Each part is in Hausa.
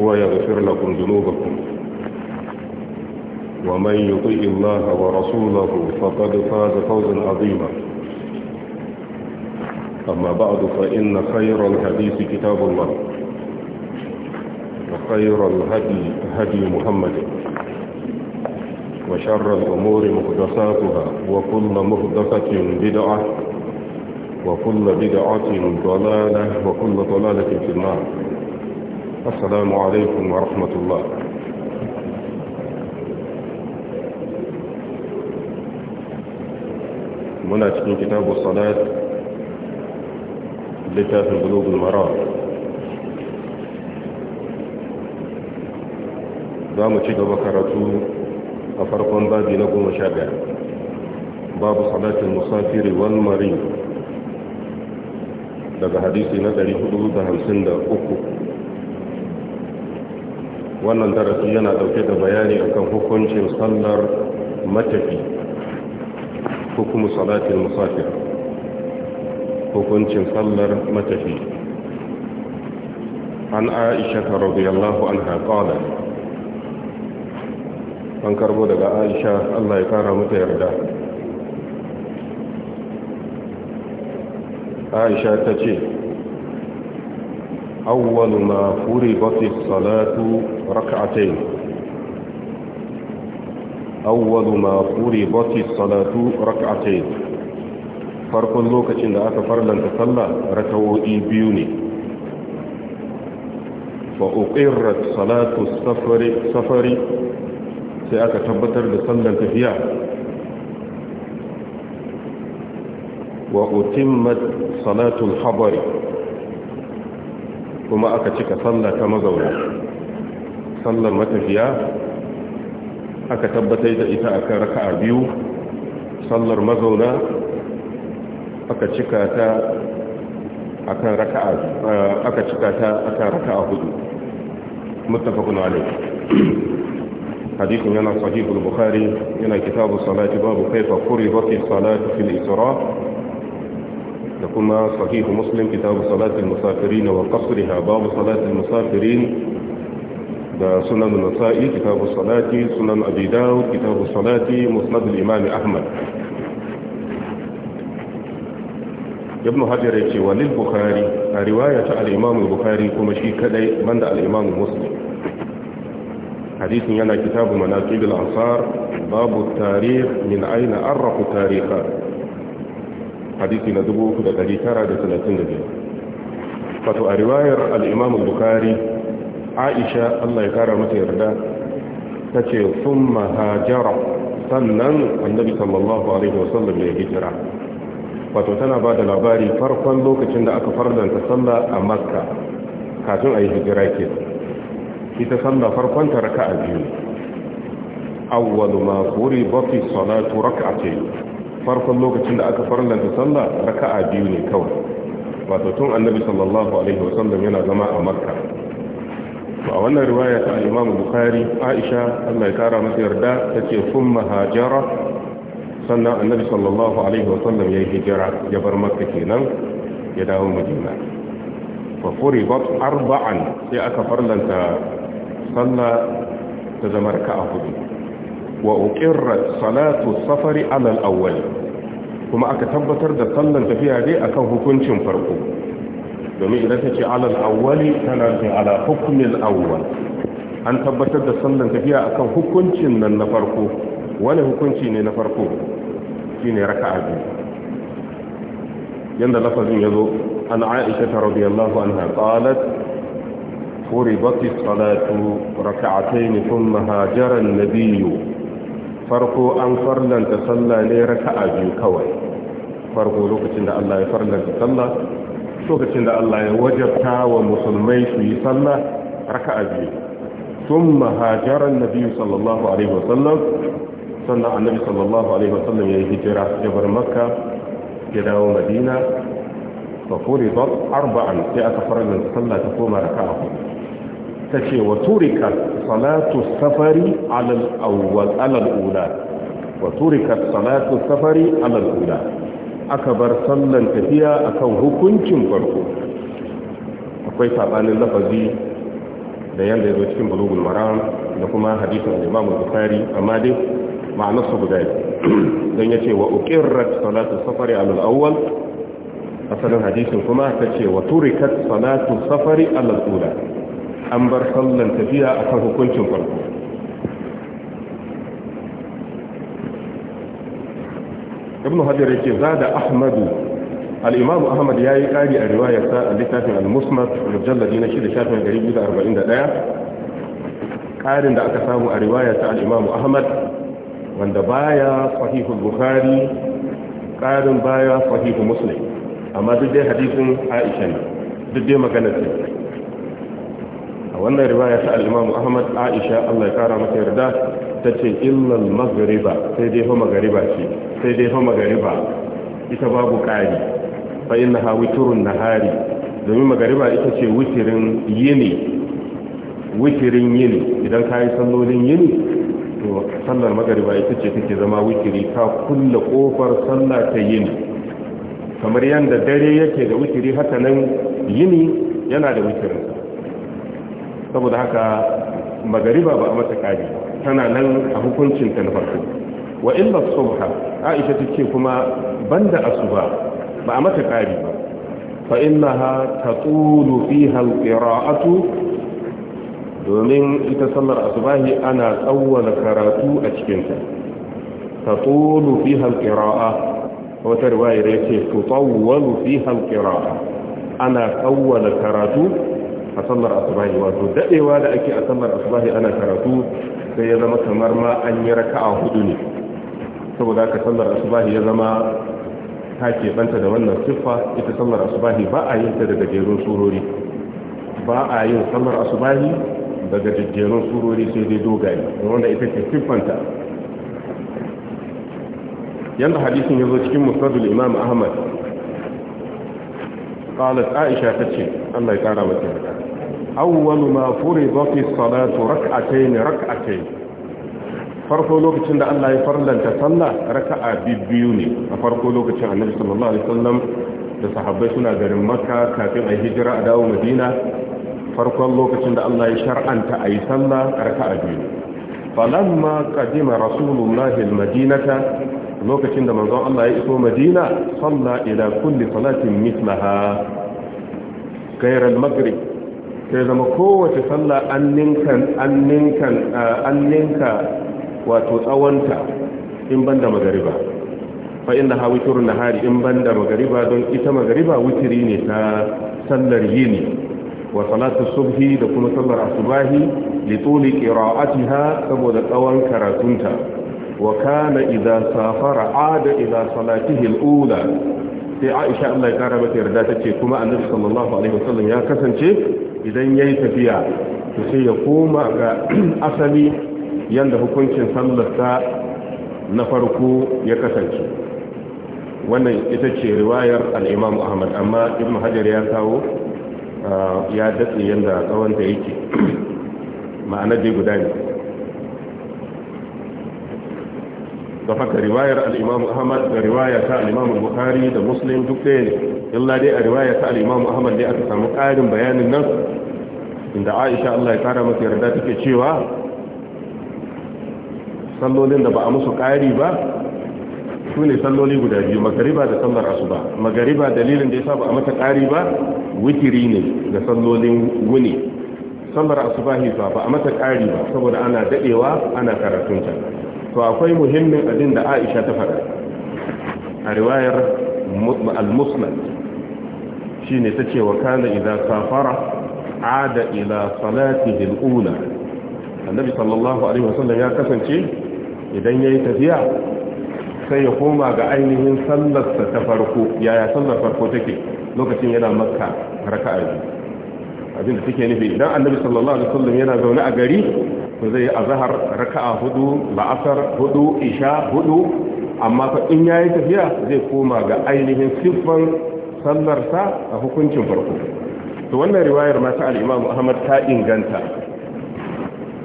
ويغفر لكم ذنوبكم ومن يطيع الله ورسوله فقد فاز فوزا عظيما أما بعد فإن خير الحديث كتاب الله وخير الهدي هدي محمد وشر الأمور مهدساتها وكل مهدسة بدعة وكل بدعة ضلالة وكل ضلالة في النار السلام عليكم ورحمة الله منا تكون كتاب الصلاة لكاف بلوغ المرار دام تشيك بكرتو أفرقا باب نقوم شابع باب صلاة المسافر والمريض هذا حديث نظري حدود هم سند أكو wannan darasi yana dauke da bayani akan hukuncin sallar matafi hukumu salatin musafir hukuncin sallar matafi an aisha ta radiyallahu anha qala an karbo daga aisha Allah ya kara mata yarda aisha ta ce أول ما فرضت الصلاة ركعتين أول ما فرضت الصلاة ركعتين فرق لوكة إن أكفر لن تصلى ركوئي بيوني فأقرت صلاة السفر سفر سأكتبتر لصلى تفيا وأتمت صلاة الحضر kuma aka cika sallah ta mazauna sallar matafiya aka tabbatar da ita akan raka'a biyu sallar mazauna aka cika ta akan raka'a aka cika ta akan raka'a hudu muttafaqun alayh hadithun yana sahih al-bukhari yana kitab as-salati babu kayfa furidat as salati fil isra' كما صحيح مسلم كتاب صلاة المسافرين وقصرها باب صلاة المسافرين ده سنن النسائي كتاب الصلاة سنن أبي داود كتاب الصلاة مسند الإمام أحمد ابن حجر يقول وللبخاري رواية الإمام البخاري كما شيء من الإمام مسلم حديث ينا كتاب مناقب الأنصار باب التاريخ من أين أرق تاريخا hadisi na 3935 wato a riwayar al bukhari aisha Allah ya kara mata yarda tace sun hajara sannan annabi sallallahu alaihi wasallam ya hijira wato tana ba da labari farkon lokacin da aka fardanta sallah a makka kafin a yi hijira ke ita sallah farkon ta a biyu awwalu ma furi bafi salatu ce. farkon lokacin da aka farlanta sallah raka'a biyu ne kawai wato tun annabi sallallahu alaihi wasallam yana zama a makka a wannan riwaya ta imamu bukhari aisha Allah ya kara masa yarda tace thumma hajara sannan annabi sallallahu alaihi wasallam ya hijira ya bar makka kenan ya dawo madina fa furibat arba'an sai aka farlanta sallah ta zama raka'a hudu وأقرت صلاة السفر على الأول كما أكتبتر دا صلنت فيها دي أكو هكونش مفرقو دمي إذا تكي على الأول تنالك على حكم الأول أن تبتر دا صلنت فيها أكو هكونش من نفرقو ولا هكونش من نفرقو كيني ركع دي يند لفظ يذو أن عائشة رضي الله عنها قالت فربت الصلاة ركعتين ثم هاجر النبي farko an farlanta sallah ne raka'a biyu kawai farko lokacin da Allah ya farlanta sallah lokacin da Allah ya wajabta wa musulmai su yi sallah raka'a biyu thumma mahajaran nabi sallallahu alaihi wasallam sannan annabi sallallahu alaihi wasallam ya yi hijira ya bar makka ya dawo madina fa furidat arba'an sai aka farlanta sallah ta koma raka'a hudu ta ce wa turika salatu safari alal ula wa salatu safari aka bar sallan tafiya akan hukuncin farko akwai saɓanin lafazi da yadda ya zo cikin bulugul maram da kuma hadisin al-imam bukhari amma dai ma'anar su guda don ya ce wa uqirrat salatu safari alal asalin hadisin kuma ta ce wa turikat salatu safari alal an bar sallan tafiya a kan hukuncin farko ibn hajar yake zada ahmadu al'imamu ahmad ya yi ƙari a riwayarsa a littafin al-musmat mujalladi na shida shafin 241 ƙarin da aka samu a riwayarsa al'imamu ahmad wanda baya sahihul bukhari ƙarin baya sahihu muslim amma duk dai hadisin aisha ne duk dai maganar a wannan riwaya ta al-Imam Ahmad Aisha Allah ya kara maka yarda tace illa al-maghriba sai dai fa magriba ce sai dai fa magriba ita babu kari fa ha witrun nahari domin magriba ita ce witirin yini witrin yini idan kai sallolin yini to sallar magriba ita ce take zama witiri ka kulle kofar sallah ta yini kamar yanda dare yake da witiri haka nan yini yana da witirinsa saboda haka magariba ba a mata kari tana nan a hukuncin ta na farko wa illa subha aisha tace kuma banda asuba ba a mata kari ba fa innaha tatulu fiha alqira'atu domin ita sallar asubahi ana tsawwala karatu a cikin ta tatulu fiha alqira'a wata riwaya ce tutawwalu fiha alqira'a ana tsawwala karatu a sallar asubahi wato dadewa da ake a sallar asubahi ana karatu sai ya zama kamar ma an yi raka'a hudu ne saboda haka sallar asubahi ya zama ta keɓanta da wannan siffa ita sallar asubahi ba a yin ta daga jerun surori ba a yin sallar asubahi daga jejjerun surori sai dai dogaye da wanda ita ke siffanta yanda hadisin ya zo cikin musnadul imam ahmad قالت عائشة تتشي الله يتعالى وتعالى awwalu ma furida fi salatu rak'atayn rak'atayn farko lokacin da Allah ya farlanta sallah raka'a biyu ne a farko lokacin Annabi sallallahu alaihi wasallam da sahabbai suna garin Makka kafin a hijira a dawo Madina farkon lokacin da Allah ya shar'anta ayi sallah raka'a biyu falamma qadima rasulullahi almadinata lokacin da manzon Allah ya iso Madina salla ila kulli salatin mithlaha ghayra almaghrib sai zama kowace sallah an ninka wato tsawonta in da magariba fa inna ha na hari in da magariba don ita magariba witri ne ta sallar yini wa salatu subhi da kuma sallar asubahi li tuli qira'atiha saboda tsawon karatunta wa kana idza safara ada ila salatihi al-ula sai Aisha Allah ya kara mata yarda tace kuma Annabi sallallahu alaihi wasallam ya kasance idan ya yi tafiya su sai ya koma ga asali yadda hukuncin sallarsa na farko ya kasance wannan ita ce riwayar al'imam ahmad amma ibn hajar ya kawo ah, ya datse yadda tsawonta yake ma'ana dai guda ne da haka riwayar al-Imam Ahmad da riwaya ta al-Imam da Muslim duk ɗaya ne illa dai a riwaya ta al Ahmad ne aka samu ƙarin bayanin nan inda Aisha Allah ya kara mata yarda take cewa sallolin da ba a musu ƙari ba su ne salloli guda biyu magariba da sallar asuba magariba dalilin da ya sa ba a mata ƙari ba witiri ne da sallolin wuni sallar asubahi ba ba a mata ƙari ba saboda ana daɗewa ana karatunta to akwai muhimmin abin da aisha ta faɗa a riwayar al-musnad shi ne ta ce wa kana idza safara ada ila salatihi al-ula annabi sallallahu alaihi wasallam ya kasance idan yayi tafiya sai ya koma ga ainihin sallarsa ta farko yaya sallar farko take lokacin yana makka raka'a biyu abinda take nufi idan annabi sallallahu alaihi wasallam yana zaune a gari to zai azhar raka'a hudu la'asar hudu isha hudu amma fa in yayi tafiya zai koma ga ainihin siffan sallarsa a hukuncin farko to wannan riwayar ma ta al-Imam Ahmad ta inganta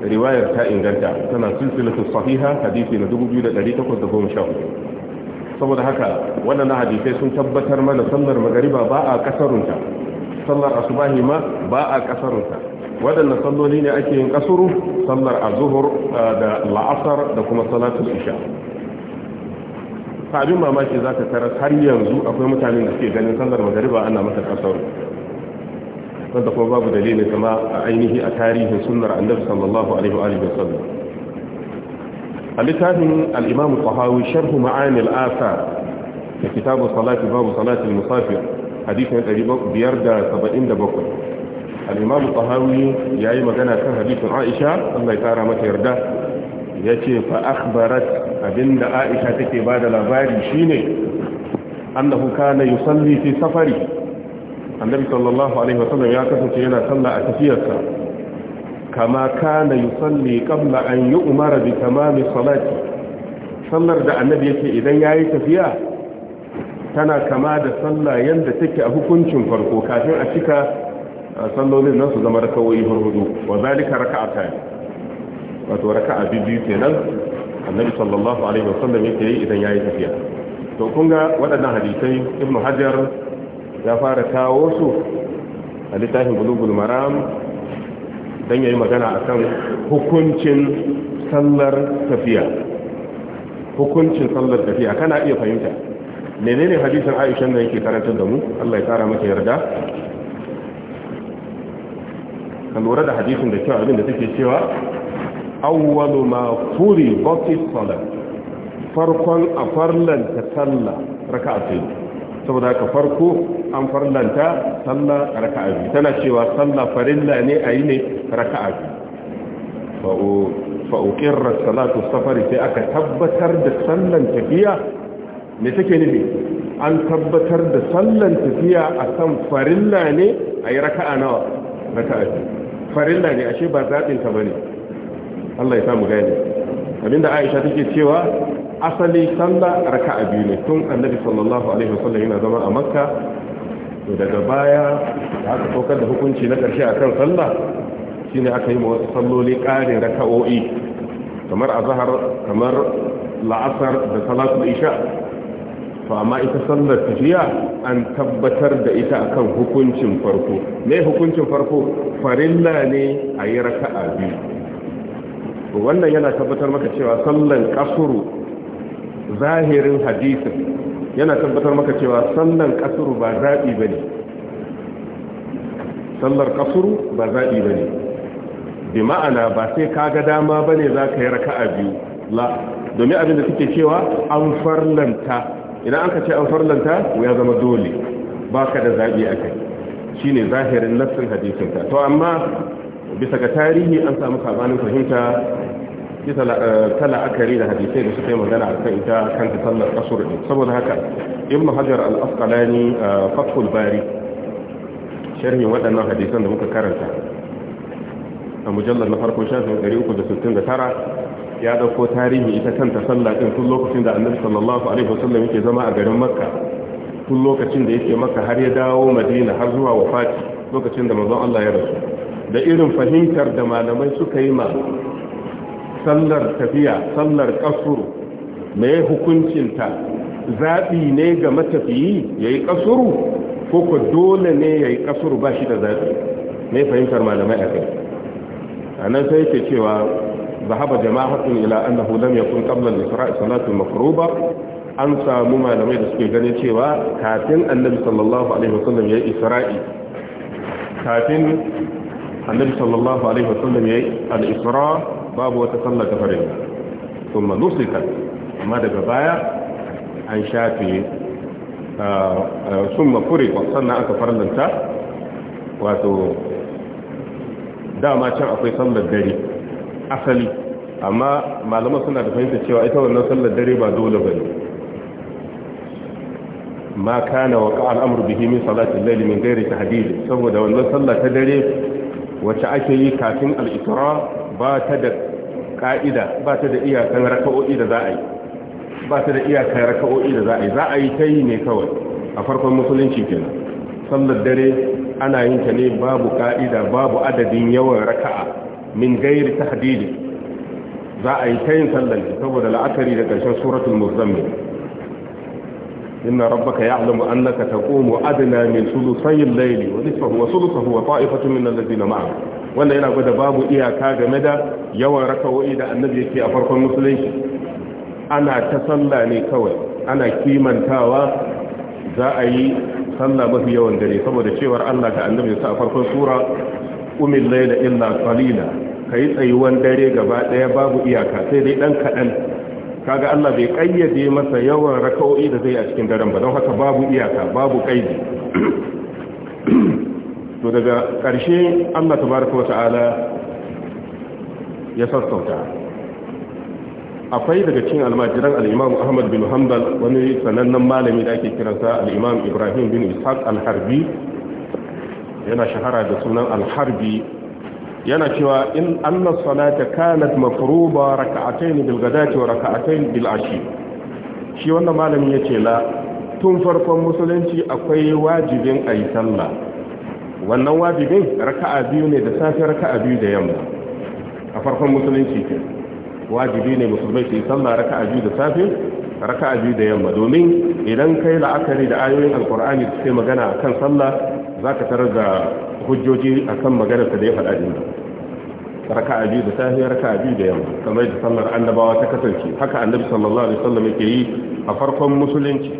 riwayar ta inganta tana silsilatu sahiha hadisi na 2814 saboda haka wannan hadisai sun tabbatar mana sallar magariba ba a kasarunta sallar asubahi ma ba a kasarunta waɗanda salloli ne ake yin kasuru sallar azuhur eh, da la'asar da kuma salatul isha abin mamaki za ka tarar har yanzu akwai mutane da suke ganin sallar magariba ana masa kasaru da kuma babu dalilin kama a ainihi a tarihin sunnar annabi sallallahu alaihi wa alihi wasallam a littafin al-imam tahawi sharh ma'ani al da kitabu salati babu salati musafir hadisin 577 al-imam tahawi yayi magana kan hadisin Aisha Allah ya mata yarda yace fa akhbarat abinda Aisha take bada labari shine annahu kana yusalli fi safari annabi sallallahu alaihi wasallam ya kasance yana sallah a tafiyarsa kama kana yusalli qabla an yu'mara bi tamami salati sallar da annabi yake idan yayi tafiya tana kama da sallah yadda take a hukuncin farko kafin a cika sallolin nan su zama raka'o'i hudu wa zalika raka'ata wato raka'a biyu kenan annabi sallallahu alaihi wasallam yake yi idan yayi tafiya to kun ga waɗannan hadisai ibn hajar ya fara kawo su a littafin bulugul maram dan yayi magana akan hukuncin sallar tafiya hukuncin sallar tafiya kana iya fahimta menene hadisin Aisha da yake karantar da mu Allah ya kara mata yarda ka lura da hadisin da cewa abin da take cewa awwalu ma furi batis salat farkon a farlanta sallah raka'a ce saboda ka farko an farlanta sallah raka'a biyu tana cewa sallah farilla ne a yi ne raka'a biyu fa'uƙirar salatu safari sai aka tabbatar da sallan tafiya me take nufi an tabbatar da sallan tafiya a kan farilla ne a yi raka'a nawa raka'a farilla ne ashe ba zaɓinka ba ne Allah ya samu gani abinda aisha take cewa asali sallah raka'a biyu ne tun annabi sallallahu alaihi wasallam yana zama a makka daga baya aka saukar da hukunci na ƙarshe akan sallah shine aka yi wasu salloli ƙarin raka'o'i kamar azhar kamar la'asar da salatul isha to amma ita sallar tafiya an tabbatar da ita akan hukuncin farko me hukuncin farko farilla ne a yi raka'a biyu wannan yana tabbatar maka cewa sallan kasuru zahirin hadisin yana tabbatar maka cewa sallan kasuru ba zaɓi ba ne sallar kasuru ba zaɓi ba ne bi ma'ana ba sai ka ga dama ba ne za ka yi raka'a biyu la domin abin da suke cewa an farlanta idan aka ce an farlanta ya zama dole ba ka da zaɓi zabi shi ne zahirin nassin hadisin to amma bisa ga tarihi an samu kabanin fahimta bisa eh, la'akari da hadisai da suka yi magana a kan ita kanta sallar kasur ɗin saboda haka in mahajar al a eh, fathul bari sharhin waɗannan hadisan da muka karanta a mujallar na farkon shafin 369 ya dauko tarihi ita kanta sallah din tun lokacin da annabi sallallahu alaihi wasallam yake zama a garin makka tun lokacin da yake makka har ya dawo madina har zuwa wafati lokacin da manzon Allah ya rasu da irin fahimtar da malamai suka yi ma sallar tafiya sallar kasuru hukuncin hukuncinta zaɓi ne ga matafiyi ya yi kasuru ko ko dole ne ya yi kasuru ba shi da zaɓi Mai fahimtar malamai a kai anan sai yake cewa zahaba jama'atun ila annahu lam yakun qabla al-isra' salatu makruba an samu malamai da suke ganin cewa kafin annabi sallallahu alaihi wasallam ya isra'i kafin annabi sallallahu alaihi wasallam ya al-isra babu wata sallar kafarin kuma nusikat amma daga baya an shafe summa uh, uh, furiqa sannan aka farlanta wato dama can akwai sallar dare asali amma malaman suna da fahimta cewa ita wannan sallar dare ba dole ba ma kana wa ka al'amur bihi min salatin layli min ghairi tahdid saboda wannan sallar ta dare wacce ake yi kafin al ba ta da ka'ida ba ta da iyakan raka'o'i da za a yi ba ta da iyakan raka'o'i da za a yi za a yi ta yi ne kawai a farkon musulunci kenan sallar dare ana yin ta ne babu ka'ida babu adadin yawan raka'a min gairi tahdidi za a yi ta yin sallar saboda la'akari da ƙarshen suratul muzammil inna rabbaka ya'lamu annaka taqumu adna min thuluthay al-layli wa nisfahu wa thuluthahu wa ta'ifatun min alladhina ma'a wannan yana gwada babu iyaka game da yawan raka'o'i da annabi yake a farkon musulunci ana ta sallah ne kawai ana kimantawa za a yi sallah mafi yawan dare saboda cewa Allah ga annabi sa a farkon sura umil layla illa qalila kai tsayuwan dare gaba daya babu iyaka sai dai dan kadan kaga Allah bai kayyade masa yawan raka'o'i da zai a cikin daren ba don haka babu iyaka babu kaidi to daga karshe Allah tabaraka wa ta'ala ya sassauta akwai daga cikin almajiran al-imam Ahmad bin Hanbal wani sanannen malami da ake kiransa al Ibrahim bin Ishaq al-Harbi yana shahara da sunan al-Harbi yana cewa in anna salata kanat mafruba rak'atayn bil ghadati wa rak'atayn bil ashi shi wannan malami yace la tun farkon musulunci akwai wajibin ayi sallah wannan wajibin raka'a biyu ne da safe raka'a biyu da yamma a farkon musulunci kenan wajibi ne musulmai su yi sallah raka'a biyu da safe raka'a biyu da yamma domin idan kai la'akari da ayoyin alkur'ani da suke magana akan sallah zaka tarar da hujjoji akan ta da ya faɗa din raka'a biyu da safe raka'a biyu da yamma kamar da sallar annabawa ta kasance haka annabi sallallahu alaihi wasallam yake yi a farkon musulunci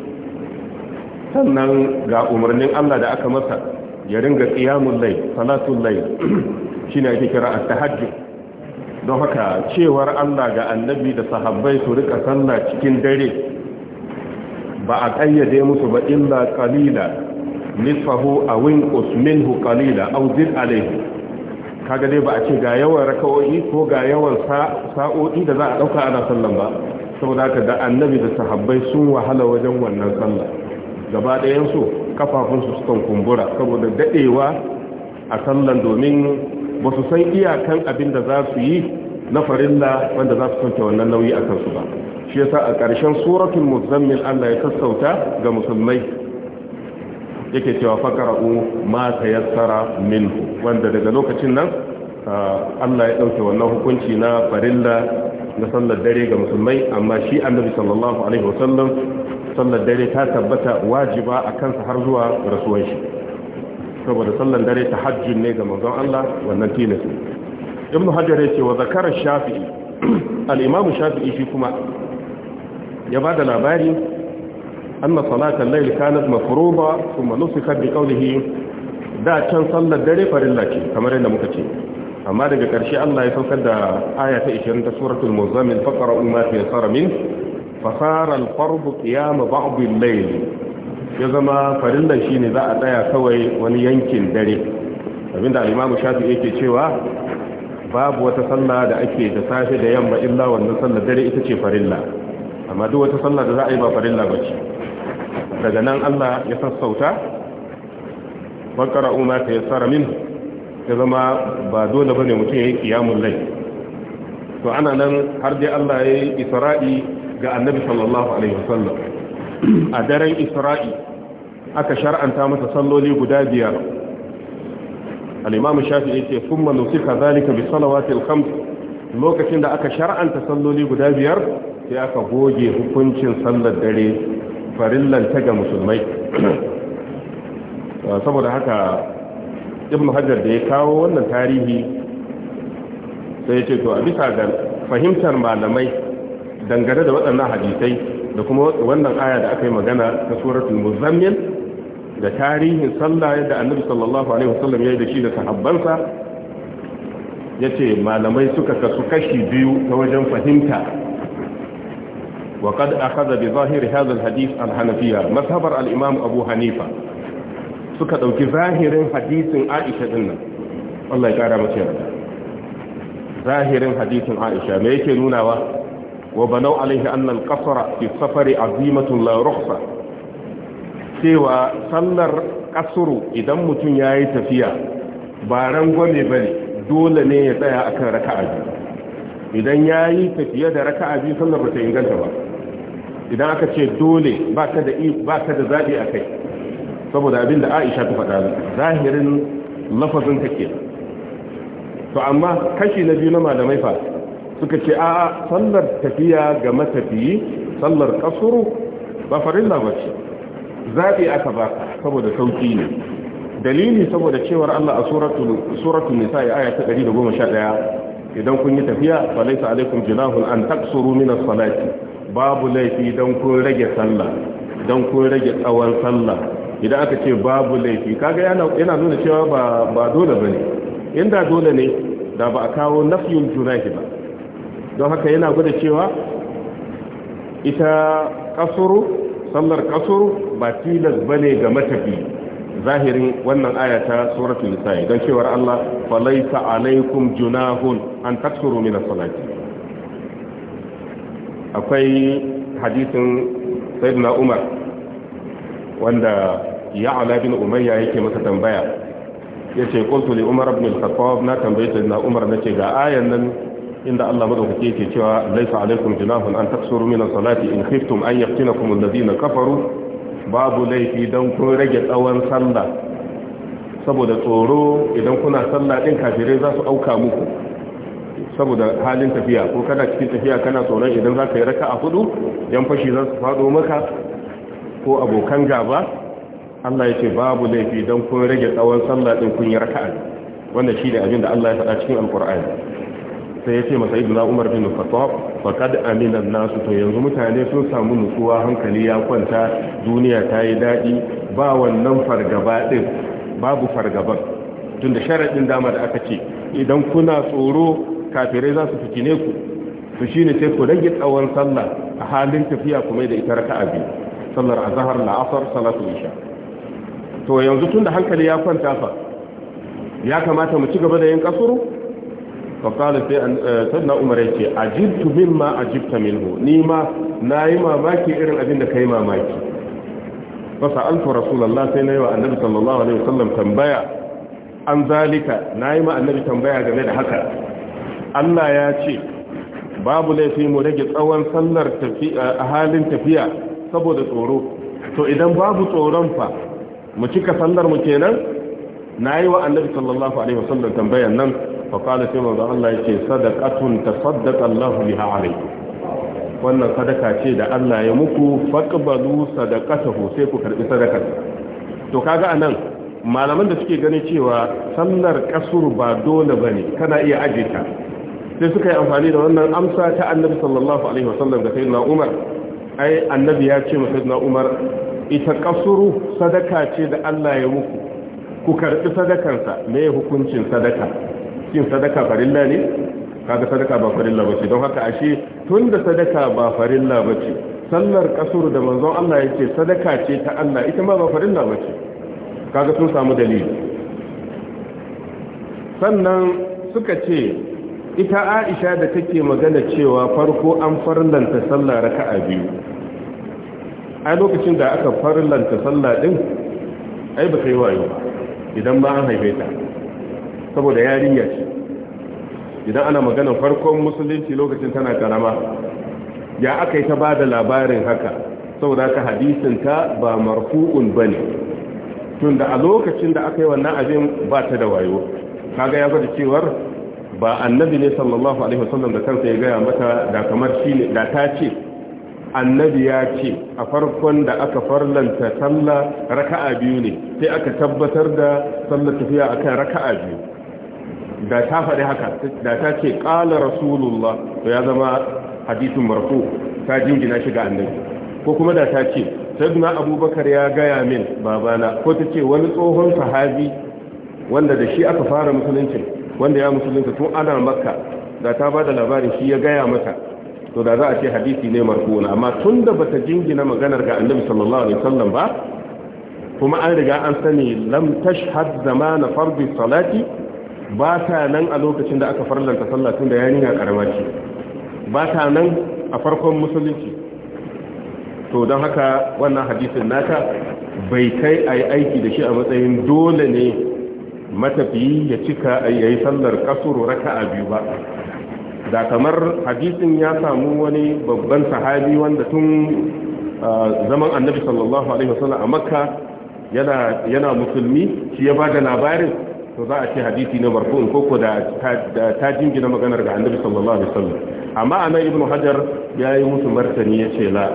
sannan ga umarnin Allah da aka masa ya ringa qiyamul layl salatul layl shine ake kira at-tahajjud don haka cewar Allah ga annabi da sahabbai su rika sallah cikin dare ba a kayyade musu ba illa qalila nisfahu aw inqus minhu qalila aw zid alayhi kaga dai ba a ce ga yawan rakawoyi ko ga yawan sa'o'i da za a dauka ana sallan ba saboda haka da annabi da sahabbai sun wahala wajen wannan sallah gaba ɗayan su kafafun su sukan kumbura saboda dadewa a sallan domin ba su san iyakan abin da za su yi na farilla wanda za su sauke wannan nauyi a kansu ba shi yasa a ƙarshen suratul muzammil Allah ya sassauta ga musulmai yake cewa faqra'u ma tayassara minhu wanda daga lokacin nan Allah ya dauke wannan hukunci na farilla na sallar dare ga musulmai amma shi annabi sallallahu alaihi wasallam sallar dare ta tabbata wajiba a kansa har zuwa rasuwan shi saboda sallan dare hajji ne ga manzon Allah wannan tilas ibn hajar yace wa zakara shafi'i al-imam shafi'i shi kuma ya bada labari anna salatan layl kanat mafruḍa thumma nusikhat bi qawlihi da can sallar dare farin laki kamar yadda muka ce amma daga ƙarshe Allah ya saukar da aya ta 20 ta suratul muzammil faqara umma fi saramin fasara al-fardu qiyam ba'd al-layl ya zama shi shine za a tsaya kawai wani yankin dare abinda al-imamu yake cewa babu wata sallah da ake da safe da yamma illa wannan sallar dare ita ce farilla amma duk wata sallah da za a yi ba farilla ba ce daga nan Allah ya sassauta bakara umar ta yassara min ya zama ba dole ne mutum ya yi lai to ana nan har dai Allah ya yi isra'i ga annabi sallallahu alaihi wasallam a daren isra'i aka shar'anta masa salloli guda biyar al-imam shafi'i ce thumma nusika zalika bi salawati al-khams lokacin da aka shar'anta salloli guda biyar sai aka goge hukuncin sallar dare farillan ta ga musulmai saboda haka ibn hajar da ya kawo wannan tarihi sai ya ce to a bisa ga fahimtar malamai dangane da waɗannan hadisai da kuma wannan aya da aka yi magana ta suratul muzammil da tarihin sallah yadda annabi sallallahu alaihi wasallam ya yi da shi da sahabbansa ya ce malamai suka kasu kashi biyu ta wajen fahimta wa kad akhadha bi zahiri hadha alhadith alhanafiya mazhabar al-imam abu hanifa suka dauki zahirin hadisin aisha din Allah ya kara mace zahirin hadisin aisha me yake nunawa wa banau alaihi anna al-qasra fi safari azimatun la rukhsa cewa sallar kasuru idan mutum ya yi tafiya ba gwame ba ne dole ne ya tsaya a kan raka'a biyu idan ya yi tafiya da raka'a biyu sallar ba inganta ba idan aka ce dole ba ka da zaɓi a kai saboda abin da aisha ta faɗa zahirin lafazin take to amma kashi na biyu na malamai fa suka ce a sallar tafiya ga matafiyi sallar kasuru ba farin labarci zaɓi aka ba saboda sauƙi ne dalili saboda cewar Allah a suratul nisa ya aya ta 111 idan kun yi tafiya falaita alaikum jinahun an taksuru min as-salati babu laifi dan kun rage sallah dan kun rage tsawon sallah idan aka ce babu laifi kaga yana yana nuna cewa ba ba dole bane inda dole ne da ba a kawo nafiyun junahi ba don haka yana gwada cewa ita kasuru sallar kasur ba tilas ne ga matafi zahirin wannan aya ta suratul isai dan cewar Allah falaysa alaikum junahun an taksuru min as-salati akwai hadisin sayyidina Umar wanda ala bin umayya yake masa tambaya yace qultu li Umar ibn al-Khattab na tambaye sayyidina Umar nace ga ayan nan inda Allah madaukake yake cewa laisa alaikum junahun an taksuru min salati in khiftum an yaftinakum alladhina kafaru babu laifi dan kun rage tsawon sallah saboda tsoro idan kuna sallah din kafirai za su auka muku saboda halin tafiya ko kana cikin tafiya kana tsoron idan za ka yi raka a hudu yan fashi za su faɗo maka ko abokan gaba Allah ya ce babu laifi don kun rage tsawon sallah din kun yi raka'a wannan shi ne abin da Allah ya faɗa cikin alkur'ani sai ya ce masa na umar bin khattab faqad amina nasu to yanzu mutane sun samu nutsuwa hankali ya kwanta duniya ta yi daɗi ba wannan fargaba din babu fargaban tunda sharaɗin dama da aka ce idan kuna tsoro kafirai za su ne ku to ne sai ku rage tsawon sallah a halin tafiya kuma da ita raka biyu sallar azahar la'asar salatu isha to yanzu tun da hankali ya kwanta fa ya kamata mu ci gaba da yin kasuru faƙalu sai sannan umar yake ajibtu mimma ajibta minhu ni ma na yi mamaki irin abin da ka yi mamaki fasa alfa rasulallah sai na yi wa annabi sallallahu alaihi wasallam tambaya an zalika na yi ma annabi tambaya game da haka allah ya ce babu laifi mu rage tsawon sallar a halin tafiya saboda tsoro to idan babu tsoron fa mu cika sallar mu kenan na yi wa annabi sallallahu alaihi wasallam tambayan nan fa qala sai manzo Allah yake sadaqatun tasaddaqa Allah biha alaikum wannan sadaka ce da Allah ya muku faqbalu sadaqatahu sai ku karbi sadakar to kaga anan malaman da suke gani cewa sallar kasur ba dole bane kana iya ajeta sai suka yi amfani da wannan amsa ta annabi sallallahu alaihi wasallam da sayyidina Umar ai annabi ya ce ma sayyidina Umar ita kasuru sadaka ce da Allah ya muku ku karɓi sadakansa me hukuncin sadaka cin sadaka farilla ne kaga sadaka ba farilla bace don haka ashe tunda sadaka ba farilla bace sallar kasur da manzon Allah yake sadaka ce ta Allah ita ma ba farilla bace kaga sun samu dalili sannan suka ce ita Aisha da take magana cewa farko an farlanta sallar raka'a biyu a lokacin da aka farlanta sallah din ai ba sai wayo ba idan ba an haife ta saboda yarinya ce idan ana magana farkon musulunci lokacin tana karama ya aka yi ta ba da labarin haka saboda hadisin hadisinta ba marfu'un ba ne tun da a lokacin da aka yi wannan abin ba ta da wayo kaga ya da cewar ba annabi ne sallallahu alaihi wasallam da kansa ya gaya mata da kamar shi ne da ta ce annabi ya ce a farkon da aka farlanta talla raka'a biyu ne sai aka tabbatar da sallar tafiya akan raka'a biyu da ta faɗi haka da ta ce ƙala rasulullah to ya zama hadisin marfu ta jingina shi ga annabi ko kuma da ta ce sayyidina abubakar ya gaya min babana ko ta ce wani tsohon sahabi wanda da shi aka fara musulunci wanda ya musulunta tun ana makka da ta ba da labarin shi ya gaya mata to da za a ce hadisi ne marfu'un amma tun da bata jingina maganar ga annabi sallallahu alaihi wasallam ba kuma an riga an sani lam tashhad zamana fardhi salati ba ta nan a lokacin da aka farlanta sallah tun da yarinya karama ce ba ta nan a farkon musulunci to don haka wannan hadisin naka bai kai a aiki da shi a matsayin dole ne matafiyi ya cika a yayi sallar kasuru raka'a biyu ba da kamar hadisin ya samu wani babban sahabi wanda tun zaman annabi sallallahu alaihi wasallam a makka yana yana musulmi shi ya bada labarin to za a ce hadisi na marfu'un koko da ta jingina maganar ga annabi sallallahu alaihi wasallam amma anan ibnu hajar ya yi musu martani ya ce la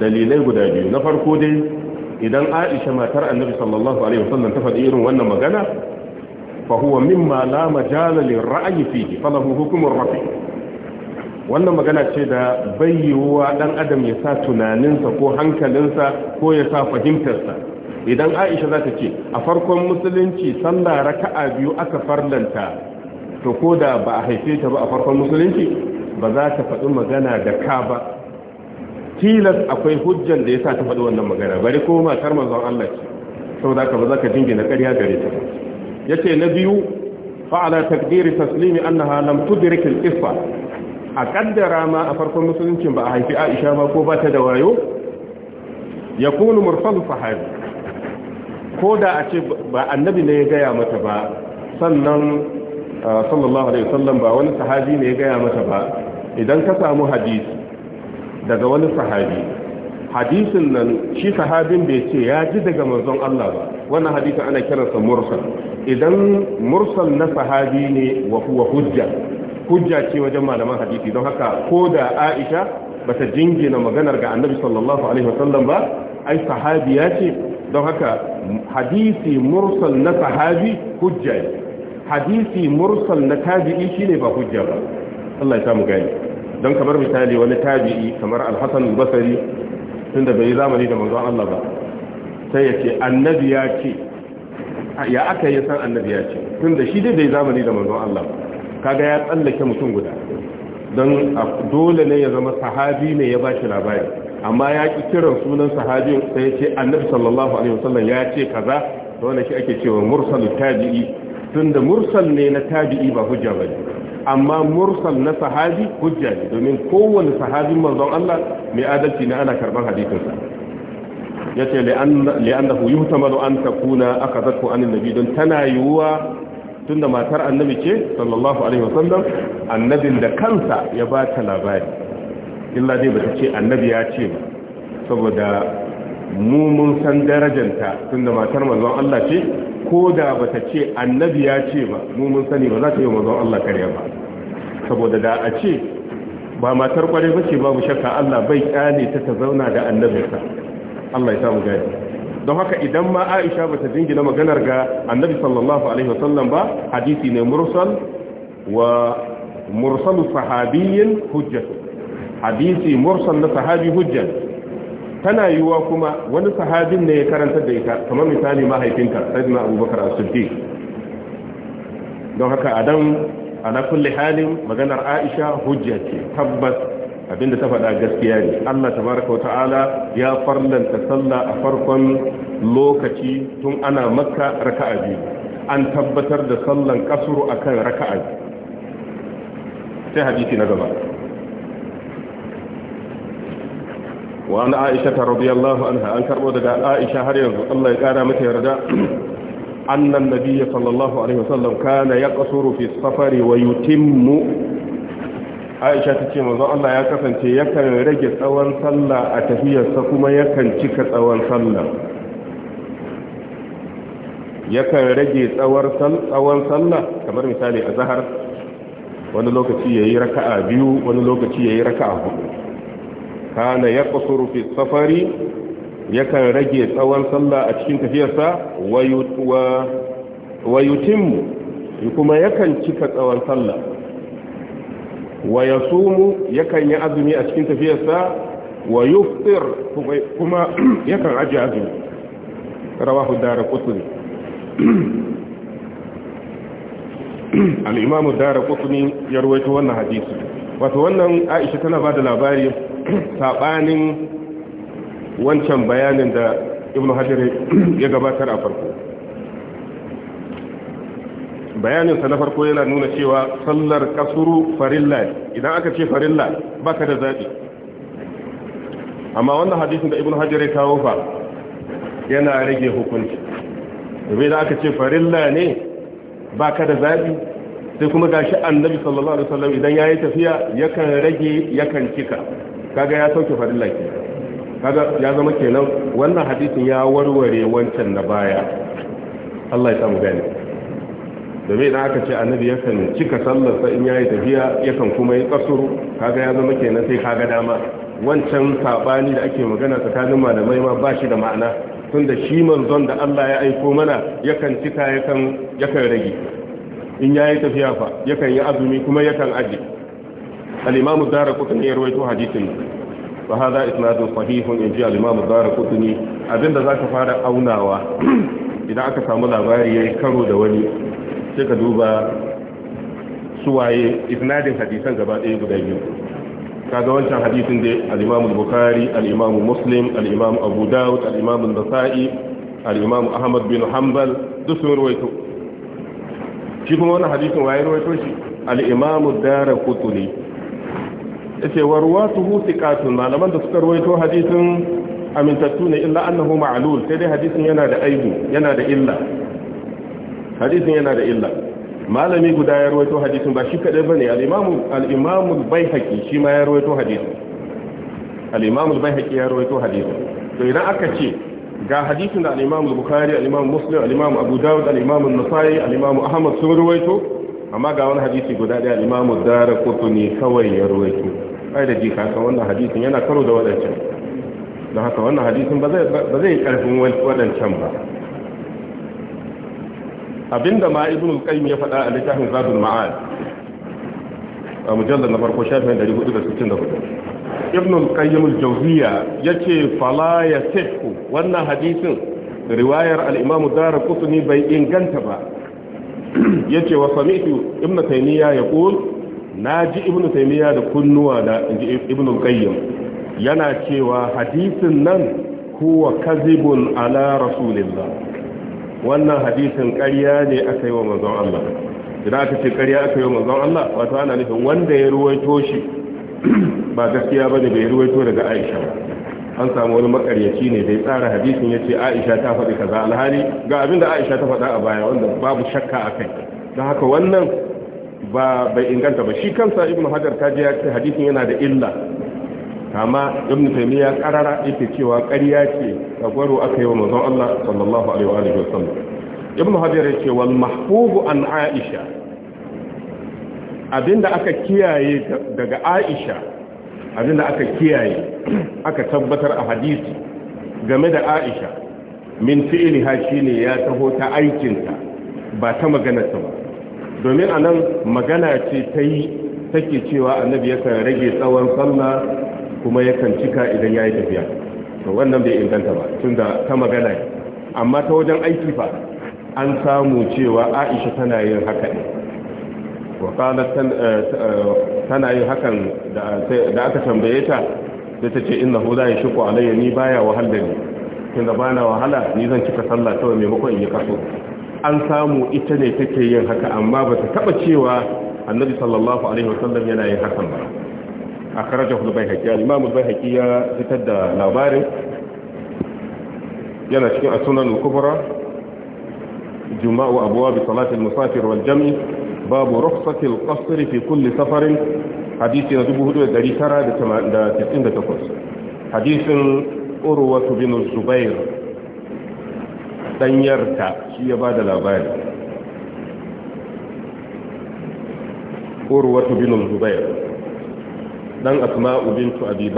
dalilai guda biyu na farko dai idan aisha matar annabi sallallahu alaihi wasallam ta faɗi irin wannan magana fa huwa mimma la majala lil ra'yi fihi falahu wannan magana ce da bayyuwa dan adam ya sa tunaninsa ko hankalinsa ko ya sa fahimtarsa idan Aisha za ta ce a farkon musulunci sallah raka'a biyu aka farlanta to ko da ba a haife ta ba a farkon musulunci ba za ta faɗi magana da ka ba tilas akwai hujjan da ya sa ta faɗi wannan magana bari ko matar manzon Allah ce saboda haka ba za ka jingina ƙarya gare ta ba yace na biyu fa ala takdiri taslimi annaha lam tudrik al ifa a kaddara ma a farkon musuluncin ba a haifi Aisha ba ko ba ta da wayo yakunu murfal sahabi ko da a ce ba annabi ne ya gaya mata ba sannan sallallahu alaihi wasallam ba wani sahabi ne ya gaya mata ba idan ka samu hadisi daga wani sahabi hadisin nan shi sahabin bai ce ya ji daga manzon Allah ba wannan hadisin ana kiransa mursal idan mursal na sahabi ne wa huwa hujja hujja ce wajen malaman hadisi don haka ko da Aisha bata jingina maganar ga Annabi sallallahu alaihi wasallam ba ai ya ce don haka hadisi mursal na sahabi hujja ne hadisi mursal na tabi'i shine ba hujja ba Allah ya samu gani don kamar misali wani tabi'i kamar al-Hasan al-Basri tunda bai yi zamani da manzon Allah ba sai yace annabi ya ce ya aka yi san annabi ya ce tunda shi dai bai zamani da manzon Allah ba kaga ya tsallake mutum guda don dole ne ya zama sahabi ne ya bashi labari amma ya ki kiran sunan sahabin sai yace annabi sallallahu alaihi wasallam ya ce kaza to wannan shi ake cewa mursal tabi'i tunda mursal ne na tabi'i ba hujja bane amma mursal na sahabi hujja ne domin kowane sahabin manzon Allah mai adalci ne ana karban hadisinsa yace li'annahu yuhtamalu an aka akhadathu an annabi don tana yiwuwa tunda matar annabi ce sallallahu alaihi wasallam annabin da kansa ya ba ta labari illa dai bata ce annabi ya ce ba saboda mu mun san darajanta tunda matar manzon Allah ce ko da ba ta ce annabi ya ce ba mu mun sani ba za ta yi mazan Allah karya ba saboda da a ce ba matar kwarai ba ce babu shakka Allah bai kyale ta ta zauna da annabinsa Allah ya samu gani don haka idan ma Aisha ba ta jingina maganar ga annabi sallallahu alaihi wasallam ba hadisi ne mursal wa mursalu sahabiyin hujjatu hadisi mursal na sahabi hujjatu tana yiwuwa kuma wani sahabin ne ya karanta da ita kamar misali mahaifinka sayyidina abubakar as don haka adam na kulle halin maganar aisha hujja ce tabbas abinda ta faɗa gaskiya ne Allah tabaraka ta'ala ya farlanta sallah a farkon lokaci tun ana makka raka'a biyu an tabbatar da sallan kasuru akan raka'a sai hadisi na gaba wa an aisha ta radiyallahu anha an karbo daga aisha har yanzu Allah ya kara mata yarda annan nabiyyi sallallahu alaihi wasallam kana yaqsuru fi safari wa yutimmu aisha ta ce manzon Allah ya kasance yakan rage tsawon sallah a tafiyarsa kuma yakan cika tsawon sallah yakan rage tsawon sallah kamar misali a zahar wani lokaci ya yi raka'a biyu wani lokaci ya yi raka'a hudu kana ya kusuru fi safari yakan rage tsawon sallah a cikin tafiyarsa wa yutimmu kuma yakan cika tsawon sallah wa yasumu yakan yi azumi a cikin tafiyarsa wa yuftir kuma yakan aje azumi rawahu daraqutni al-imam daraqutni ya rawaito wannan hadisi wato wannan Aisha tana bada labari saɓanin wancan bayanin da ibn hajar ya gabatar a farko bayaninsa na farko yana nuna cewa sallar kasuru farilla idan aka ce farilla baka da zaɓi amma wannan hadisin da ibn hajar ya kawo fa yana rage hukunci domin da aka ce farilla ne baka da zaɓi sai kuma gashi annabi sallallahu alaihi wasallam idan yayi tafiya yakan rage yakan cika kaga ya sauke farilla ke kaga ya zama kenan wannan hadisin ya warware wancan na baya Allah ya samu gani domin idan aka ce annabi yakan cika sallarsa in yayi tafiya yakan kuma yi kasuru kaga ya zama kenan sai kaga dama wancan sabani da ake magana tsakanin malamai ma ba shi da ma'ana tun da shi manzon da Allah ya aiko mana yakan cika ya kan rage in yayi tafiya fa yakan yi azumi kuma yakan aje al-imam ad-darqutni ya rawaito hadisin fa hada isnadun sahihun inji al-imam ad-darqutni abinda zaka fara auna wa idan aka samu labari yayi karo da wani sai ka duba suwaye isnadin hadisan gaba ɗaya guda biyu kaga wancan hadisin da al-imam al muslim al abu daud al-imam an-nasa'i al-imam ahmad bin hanbal duk sun ruwaito shi kuma wannan hadisin waye ruwaito shi al-imam ad-darqutni yace wa ruwatuhu thiqatun malaman da suka ruwaito hadisin amintattu ne illa annahu ma'lul sai dai hadisin yana da aibu yana da illa hadisin yana da illa malami guda ya ruwaito hadisin ba shi kadai bane al imam al imam al-baihaqi shi ma ya ruwaito hadisin al imam al-baihaqi ya ruwaito hadisin to idan aka ce ga hadisin da al imam al-bukhari al imam muslim al imam abu dawud al imam an-nasa'i al imam ahmad sun ruwaito amma ga wani hadisi guda daya al imam ad-darqutni kawai ya rawaito ai da jika kan wannan hadisin yana karo da waɗancan don haka wannan hadisin ba zai karfin waɗancan ba abinda ma ibn al ya faɗa a littafin zadul ma'ad a mujallar na farko shafin 464 ibn al-qayyim al-jawziya yace fala ya yasihu wannan hadisin riwayar al-imam ad-darqutni bai inganta ba yace wa sami'tu ibn taymiya yaqul na ji ibn taymiya da kunnuwa da ibn qayyim yana cewa hadisin nan huwa kazibun ala rasulillah wannan hadisin ƙarya ne aka yi wa manzon Allah idan aka ce ƙarya aka yi wa manzon Allah wato ana nufin wanda ya ruwaito shi ba gaskiya bane bai ruwaito daga Aisha ba an samu wani makaryaci ne da ya tsara hadisin ya ce Aisha ta faɗi kaza alhali ga abinda Aisha ta faɗa a baya wanda babu shakka a kai don haka wannan ba bai inganta ba shi kansa ibn hajar ta ji ya hadisin yana da illa kama ibn taymiya karara yake cewa ƙarya ce tagwaro aka yi wa manzon Allah sallallahu alaihi wa alihi wasallam hajar yake wal mahfubu an aisha abinda aka kiyaye daga aisha abinda aka kiyaye aka tabbatar a hadisi game da aisha min fi'liha shine ya taho ta aikinta ba ta maganarta ba domin a nan magana ce ta yi take cewa annabi kan rage tsawon sallah kuma yakan cika idan ya yi tafiya to wannan bai inganta ba tun da ta magana ne amma ta wajen aiki fa an samu cewa aisha tana yin haka ne eh, eh, tana yin hakan da aka tambaye ta da ta ce inna huda ya shiko alayya ni baya wahala da tun da bana wahala ni zan cika sallah kawai maimakon in yi kaso an samu ita ne take yin haka amma ba ta taba cewa annabi sallallahu alaihi wasallam yana yin hakan ba a karajar hulbai haƙi al-imam al-bayhaqi ya fitar da labarin yana cikin as-sunan al-kubra juma'u abwab salat al-musafir wal jami babu rukhsati al-qasr fi kulli safarin hadisi na 4998 hadisin urwatu bin zubair danyarta shi ya ba da labari zubair dan asma'u bintu abi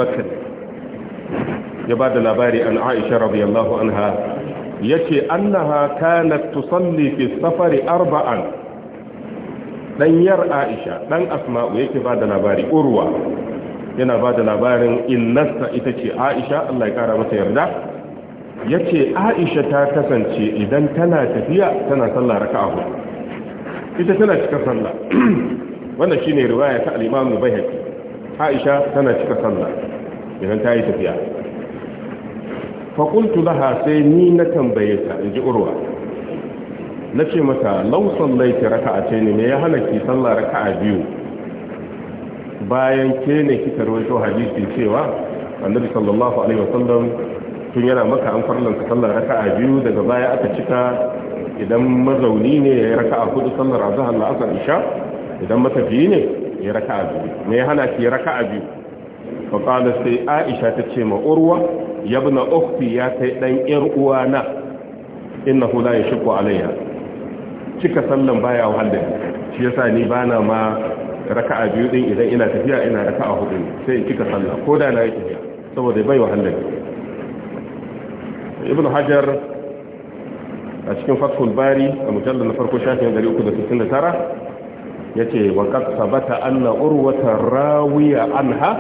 ya ba da labari an aisha radiyallahu anha yace annaha kanat tusalli fi safari arba'an Ɗanyar aisha ɗan asma'u yake ba da labari urwa yana ba da labarin innasta ita ce aisha Allah ya kara mata yarda ya ce aisha ta kasance idan tana tafiya tana sallah raka a hudu ita tana cika sallah wannan shi ne riwaya ta alimamu bai haƙi aisha tana cika sallah idan ta yi tafiya faƙuntu laha sai ni na tambaye ta in ji urwa na ce mata lausan laiki raka a ce ne mai ya hana ki sallah raka a biyu bayan ke ne kika rawaito hadisi cewa annabi sallallahu alaihi wasallam tun yana maka an farlanta sallar raka'a biyu daga baya aka cika idan mazauni ne ya yi raka'a hudu sallar zahar la'asar isha idan matafiyi ne ya raka'a biyu me ya hana ki ya raka'a biyu faƙala sai aisha ta ce ma urwa yabna ofi ya kai ɗan yar uwana hula ya shi alayya cika sallan baya wahala shi ya sa ni bana ma raka'a biyu ɗin idan ina tafiya ina raka'a hudu sai in cika sallah ko da na yi tafiya saboda bai wahala ibn hajar a cikin fathul bari a mujallar na farko shafin 369 ya ce wa kad sabata anna urwata rawiya anha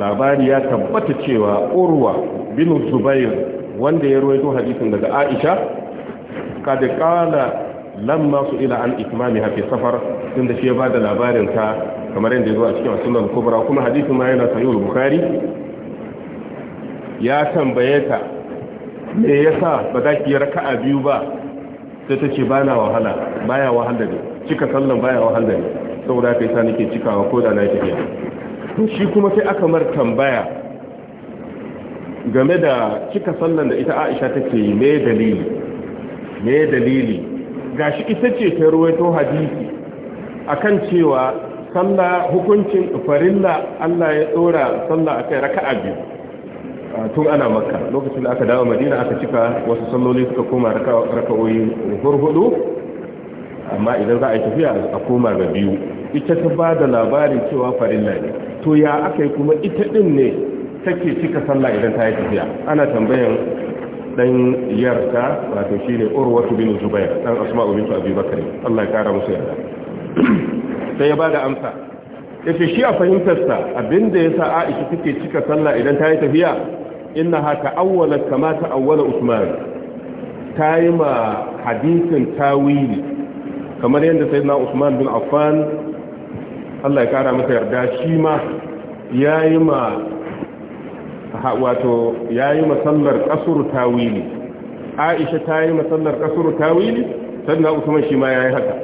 labari ya tabbata cewa urwa bin zubair wanda ya ruwaito hadisin daga aisha kada kala lamma su an itmami hafi safar tunda shi ya ba da labarin ta kamar yadda ya zo a cikin sunan kubra kuma hadisin ma yana sahihul bukhari ya tambaye ta me yasa ba za ki yi raka'a biyu ba sai ta ce ba na wahala baya wahala ne cika sallan baya wahala ne saboda haka yasa nake cikawa ko da na yi tafiya to shi kuma sai aka mar tambaya game da cika sallan da ita Aisha take yi me dalili me dalili gashi ita ce ta ruwaito hadisi akan cewa sallah hukuncin farilla Allah ya tsora sallah akai raka'a biyu tun ana makka lokacin da aka dawo madina aka cika wasu salloli suka koma raka'o'i hurhudu amma idan za a yi tafiya a koma ga biyu ita ta ba da labarin cewa farilla ne to ya aka yi kuma ita din ne take cika sallah idan ta yi tafiya ana tambayan dan yarta wato shine urwatu bin zubair dan asma'u bint abi Allah ya kara musu yarda sai ya ba da amsa yace shi a fahimtar sa abinda yasa Aisha take cika sallah idan ta yi tafiya inna haka awwala kama ta awwala usman ta yi ma hadisin tawili kamar yadda sayyidina usman bin affan Allah ya kara masa yarda shi ma yayi ma wato yayi masallar tawili Aisha ta yi masallar kasur tawili sannan usman shi ma yayi haka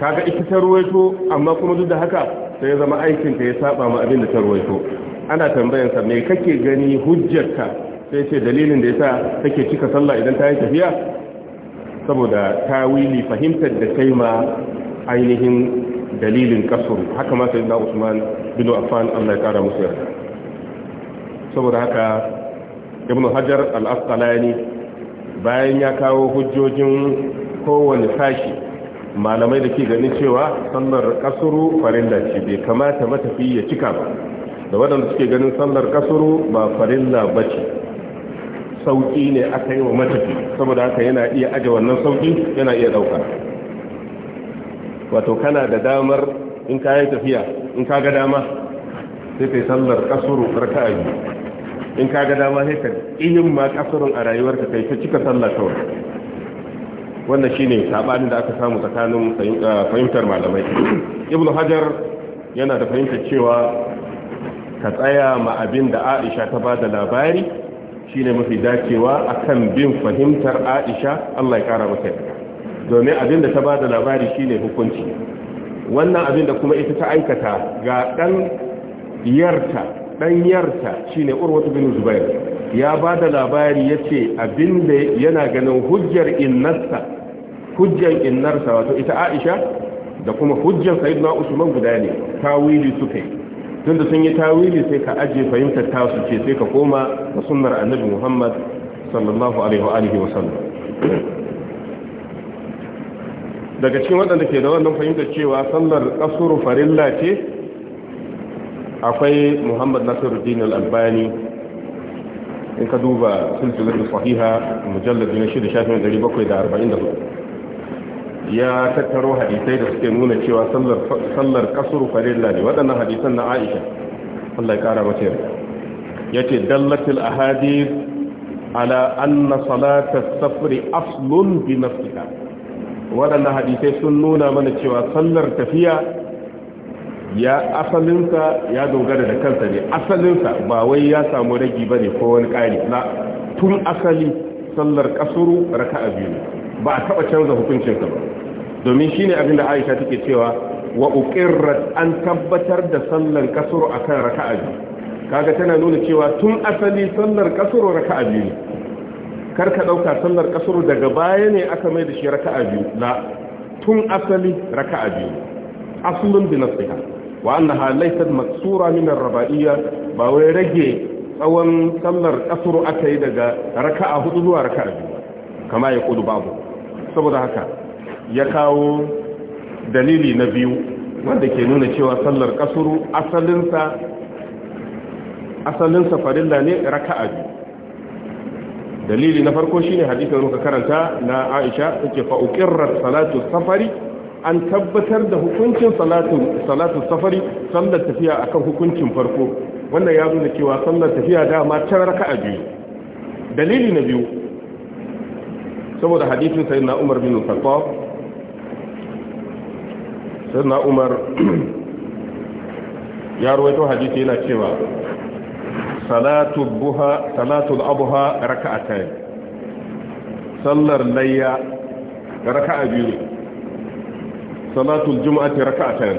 kaga ita ta ruwaito amma kuma duk da haka sai ya zama aikinta ya saba ma abin da ta ruwaito ana tambayansa me kake gani hujjarka sai ce dalilin da yasa take cika sallah idan ta yi tafiya saboda wili fahimtar da kai ma ainihin dalilin kasur haka ma sai Usman bin Affan Allah ya kara musu yarda saboda haka Ibn Hajar al-Asqalani bayan ya kawo hujjojin kowane sashi malamai da ke ganin cewa sallar kasuru da ce bai kamata matafi ya cika ba da waɗanda suke ganin sallar kasuru ba farilla ba ce sauƙi ne aka yi wa matafi saboda haka yana iya aje wannan sauki, yana iya ɗauka wato kana da damar in ka yi tafiya in ka ga dama sai ka yi sallar kasuru karka a biyu in ka ga dama sai ka ma kasurun a rayuwarka kai ta cika sallar kawai wannan shine sabanin da aka samu tsakanin eh, fahimtar malamai ibnu hajar yana da fahimtar cewa ka tsaya ma abin da aisha ta ba da labari shi ne mafi dacewa a kan bin fahimtar aisha allah ya kara masa domin abin da ta ba da labari shi ne hukunci wannan abin da kuma ita ta aikata ga ɗan yarta ɗan yarta shi ne urwatu bin zubair ya ba da labari ya ce abin da yana ganin hujjar innarsa hujjar innarsa wato ita aisha da kuma hujjar sayidina usman guda ne tawili su tunda sun yi tawili sai ka ajiye fahimtar tasu ce sai ka koma da sunnar annabi Muhammad sallallahu alaihi wa daga cikin waɗanda ke da wannan fahimtar cewa sallar kasuru farilla ce akwai Muhammad Nasiruddin Al-Albani in ka duba silsilar sahiha mujallad na 6 shafin 744 ya tattaro hadisai da suke nuna cewa sallar kasuru farilla ne waɗannan hadisan na aisha Allah ya kara mace ya ce dallatil ahadith ala anna salata safri aslun bi nafsika waɗannan hadisai sun nuna mana cewa sallar tafiya ya asalinsa ya dogara da kansa ne asalinsa ba wai ya samu ragi bane ko wani ƙari na tun asali sallar kasuru raka'a biyu ba a taɓa canza hukuncinsa ba domin shine abin da Aisha take cewa wa uqirrat an tabbatar da sallar kasuru akan raka'a kaga tana nuna cewa tun asali sallar kasuru raka'a biyu ne kar ka ɗauka sallar kasuru daga baya ne aka mai da shi raka'a biyu la tun asali raka'a biyu aslun bi nasiha wa annaha laysat maksura min ar-raba'iyya ba wai rage tsawon sallar kasuru aka yi daga raka'a hudu zuwa raka'a biyu kama ya kudu babu saboda haka ya kawo dalili na biyu wanda ke nuna cewa sallar kasuru asalinsa asalinsa farilla ne raka'a biyu dalili na farko shine hadisin muka karanta na Aisha take fa uqirrat salatu safari an tabbatar da hukuncin salatu salatu safari sallar tafiya akan hukuncin farko wannan ya nuna cewa sallar tafiya dama ta raka'a biyu dalili na biyu saboda hadisin sayyidina Umar bin Khattab sayyidina Umar ya rawaito hadisi yana cewa salatu buha salatu abha raka'atayn sallar layya raka'a biyu salatu jumu'ati jumati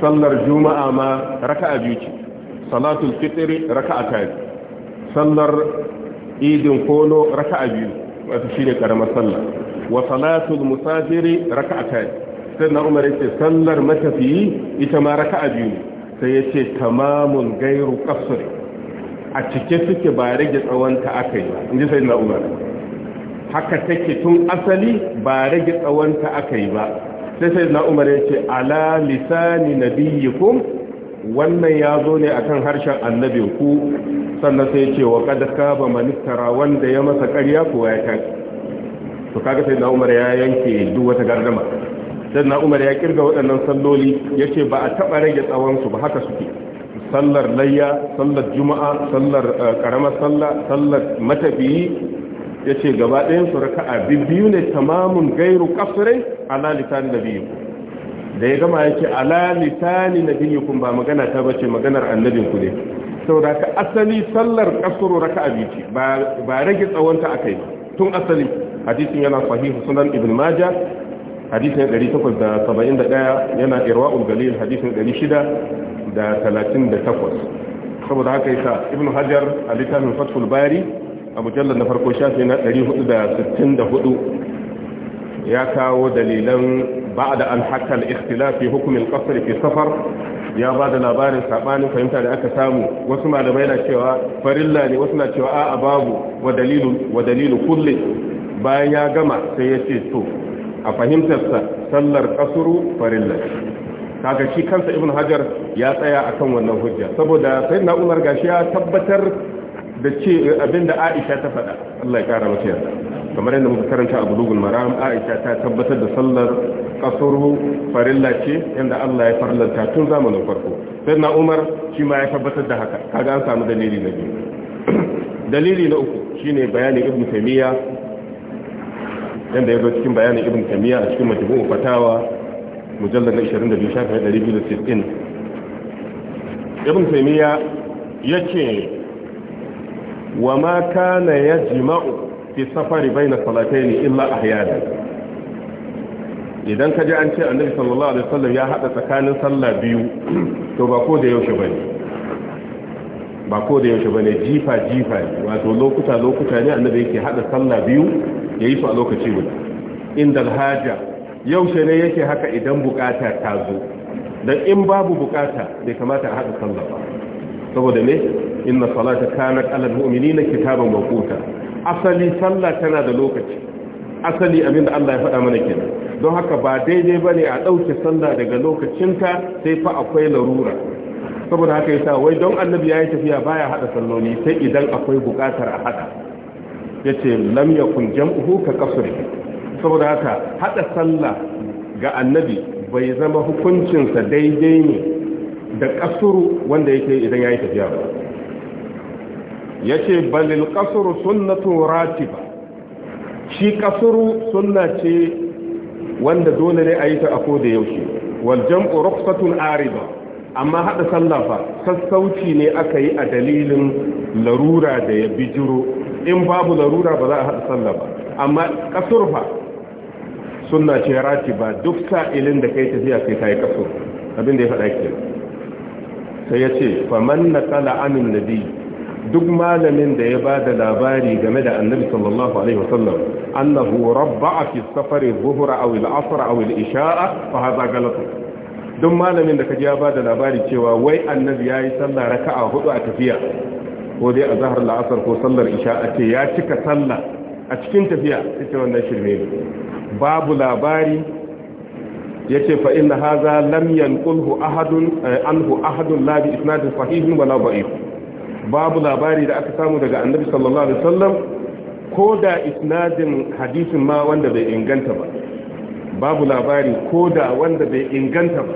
sallar juma'a ma raka'a biyu ce salatu fitri fitr sallar idin kono raka'a biyu shi ne ƙaramar sallah wa salatul musafiri raka'atan sannan umar yace sallar matafiyi ita ma raka a biyu ne sai yace tamamun gairu qasr a cike suke ba rage tsawonta aka tsawon in ji sai na umar haka take tun asali ba rage tsawonta aka yi ba sai sai sayyidina umar yace ala lisani nabiyikum wannan ya zo ne a akan harshen Annabi ku sannan sai ce wa kada ba manistara wanda ya masa ƙarya ko ya tafi to kaga sai na umar ya yanke duk wata gardama sai na umar ya kirga waɗannan salloli ya ce ba a taɓa rage tsawonsu ba haka suke sallar layya sallar juma'a sallar eh, ƙaramar salla, sallar matafiyi ya ce gaba ɗayan su raka'a biyu ne tamamin gairu kafirai ala lisan nabiyyu da ya gama yake ala lisani kun ba magana ta bace maganar annabin ku ne saboda ka asali sallar qasr raka'a biyu ba ba rage tsawonta akai tun asali hadisin yana sahihu sunan ibn majah hadisin 871 yana irwa'ul galil hadisin 638 saboda haka yasa ibn hajar a littafin fathul bari a mujallar na farko shafi na 464 ya kawo dalilan بعد أن حكى الاختلاف في حكم القصر safar ya ba da labarin saɓanin fahimta da aka samu wasu malamai na cewa farilla ne wasu na cewa a'a babu wa dalilu wa kulli bayan ya gama sai ya ce to a fahimtarsa sallar kasuru farilla kaga shi kansa ibn hajar ya tsaya akan wannan hujja saboda sayyidina umar gashi ya tabbatar da ce abinda aisha ta faɗa Allah ya kara mata yarda kamar yadda muka karanta a bulugul maram aisha ta tabbatar da sallar kasuru farilla ce yadda Allah ya farlanta tun zamanin farko sai na umar shi ma ya tabbatar da haka kaga an samu dalili na biyu dalili na uku shine bayanin ibn taymiya yadda ya zo cikin bayanin ibn taymiya a cikin majmu'u fatawa mujallad 22 shafin 260 ibn taymiya yace wa ma kana yajma'u fi safari bai baina salatayn illa a ahyana idan ka ji an ce annabi sallallahu alaihi wasallam ya hada tsakanin sallah biyu to ba ko da yaushe bane ba ko da yaushe bane jifa jifa ne wato lokuta lokuta ne annabi yake hada sallah biyu yayi su a lokaci guda inda alhaja yaushe ne yake haka idan bukata ta zo dan in babu bukata bai kamata a hada sallah ba saboda ne inna salata kanat alal mu'minina kitaban mawquta asali sallah tana da lokaci asali abinda Allah ya faɗa mana kenan don haka ba daidai ba ne a ɗauke sallah daga lokacinta sai fa akwai larura saboda haka yasa wai don annabi ya yi tafiya baya haɗa salloni sai idan akwai buƙatar a ya yace lam kun jam'uhu ka qasri saboda haka haɗa sallah ga annabi bai zama hukuncinsa daidai ne da kasuru wanda yake idan ya yi tafiya ba yace balil qasru sunnatu ratiba shi kasuru sunna ce wanda dole ne a yi ta ako da yaushe wal jam'u ariba amma hada sallah fa sassauci ne aka yi a dalilin larura da ya bijiro in babu larura ba za a hada sallah ba amma kasur fa sunna ce ratiba duk sa'ilin da kai tafiya kai kai kasur abin da ya faɗa ke sai yace faman nakala anin nabi duk malamin da ya ba da labari game da annabi sallallahu alaihi wasallam annahu rabba'a fi safari dhuhra aw al-asr aw al-isha'a fa hadha galat duk malamin da kaje ya bada labari cewa wai annabi yayi sallah raka'a hudu a tafiya ko dai a zahar la'asar ko sallar isha'a ce ya cika sallah a cikin tafiya ita wannan shirme ne babu labari yace fa inna hadha lam yanqulhu ahadun eh, anhu ahadun la bi isnadin sahihin wala da'if babu labari da aka samu daga annabi sallallahu alaihi wasallam ko da isnadin hadisin ma wanda bai inganta ba babu labari ko da wanda bai inganta ba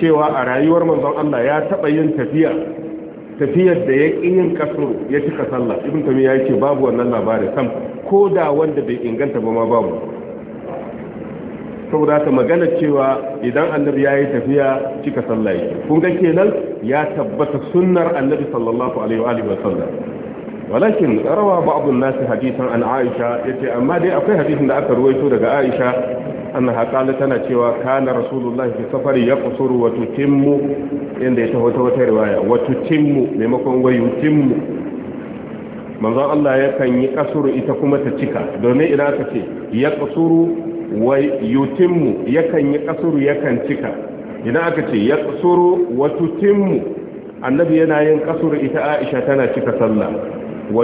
cewa a rayuwar manzon Allah ya taba yin tafiya tafiyar da ya yin kasuru ya cika sallah ibn tamiya yake babu wannan labari sam ko da wanda bai inganta ba ma babu saboda ta magana cewa idan annabi ya yi tafiya cika sallah kun ga kenan ya tabbata sunnar annabi sallallahu alaihi wa sallam walakin rawa ba'dun nas hadithan an aisha yace amma dai akwai hadisin da aka ruwaito daga aisha annaha qala tana cewa kana rasulullahi fi safari yaqsuru wa tutimmu inda ya taho wata riwaya wa tutimmu maimakon wa yutimmu manzon Allah yakan yi kasuru ita kuma ta cika domin idan aka ce ya wai yutimmu yakan yi kasuru yakan cika idan aka ce ya kasuru wa tutimmu annabi yana yin kasuru ita aisha tana cika sallah wa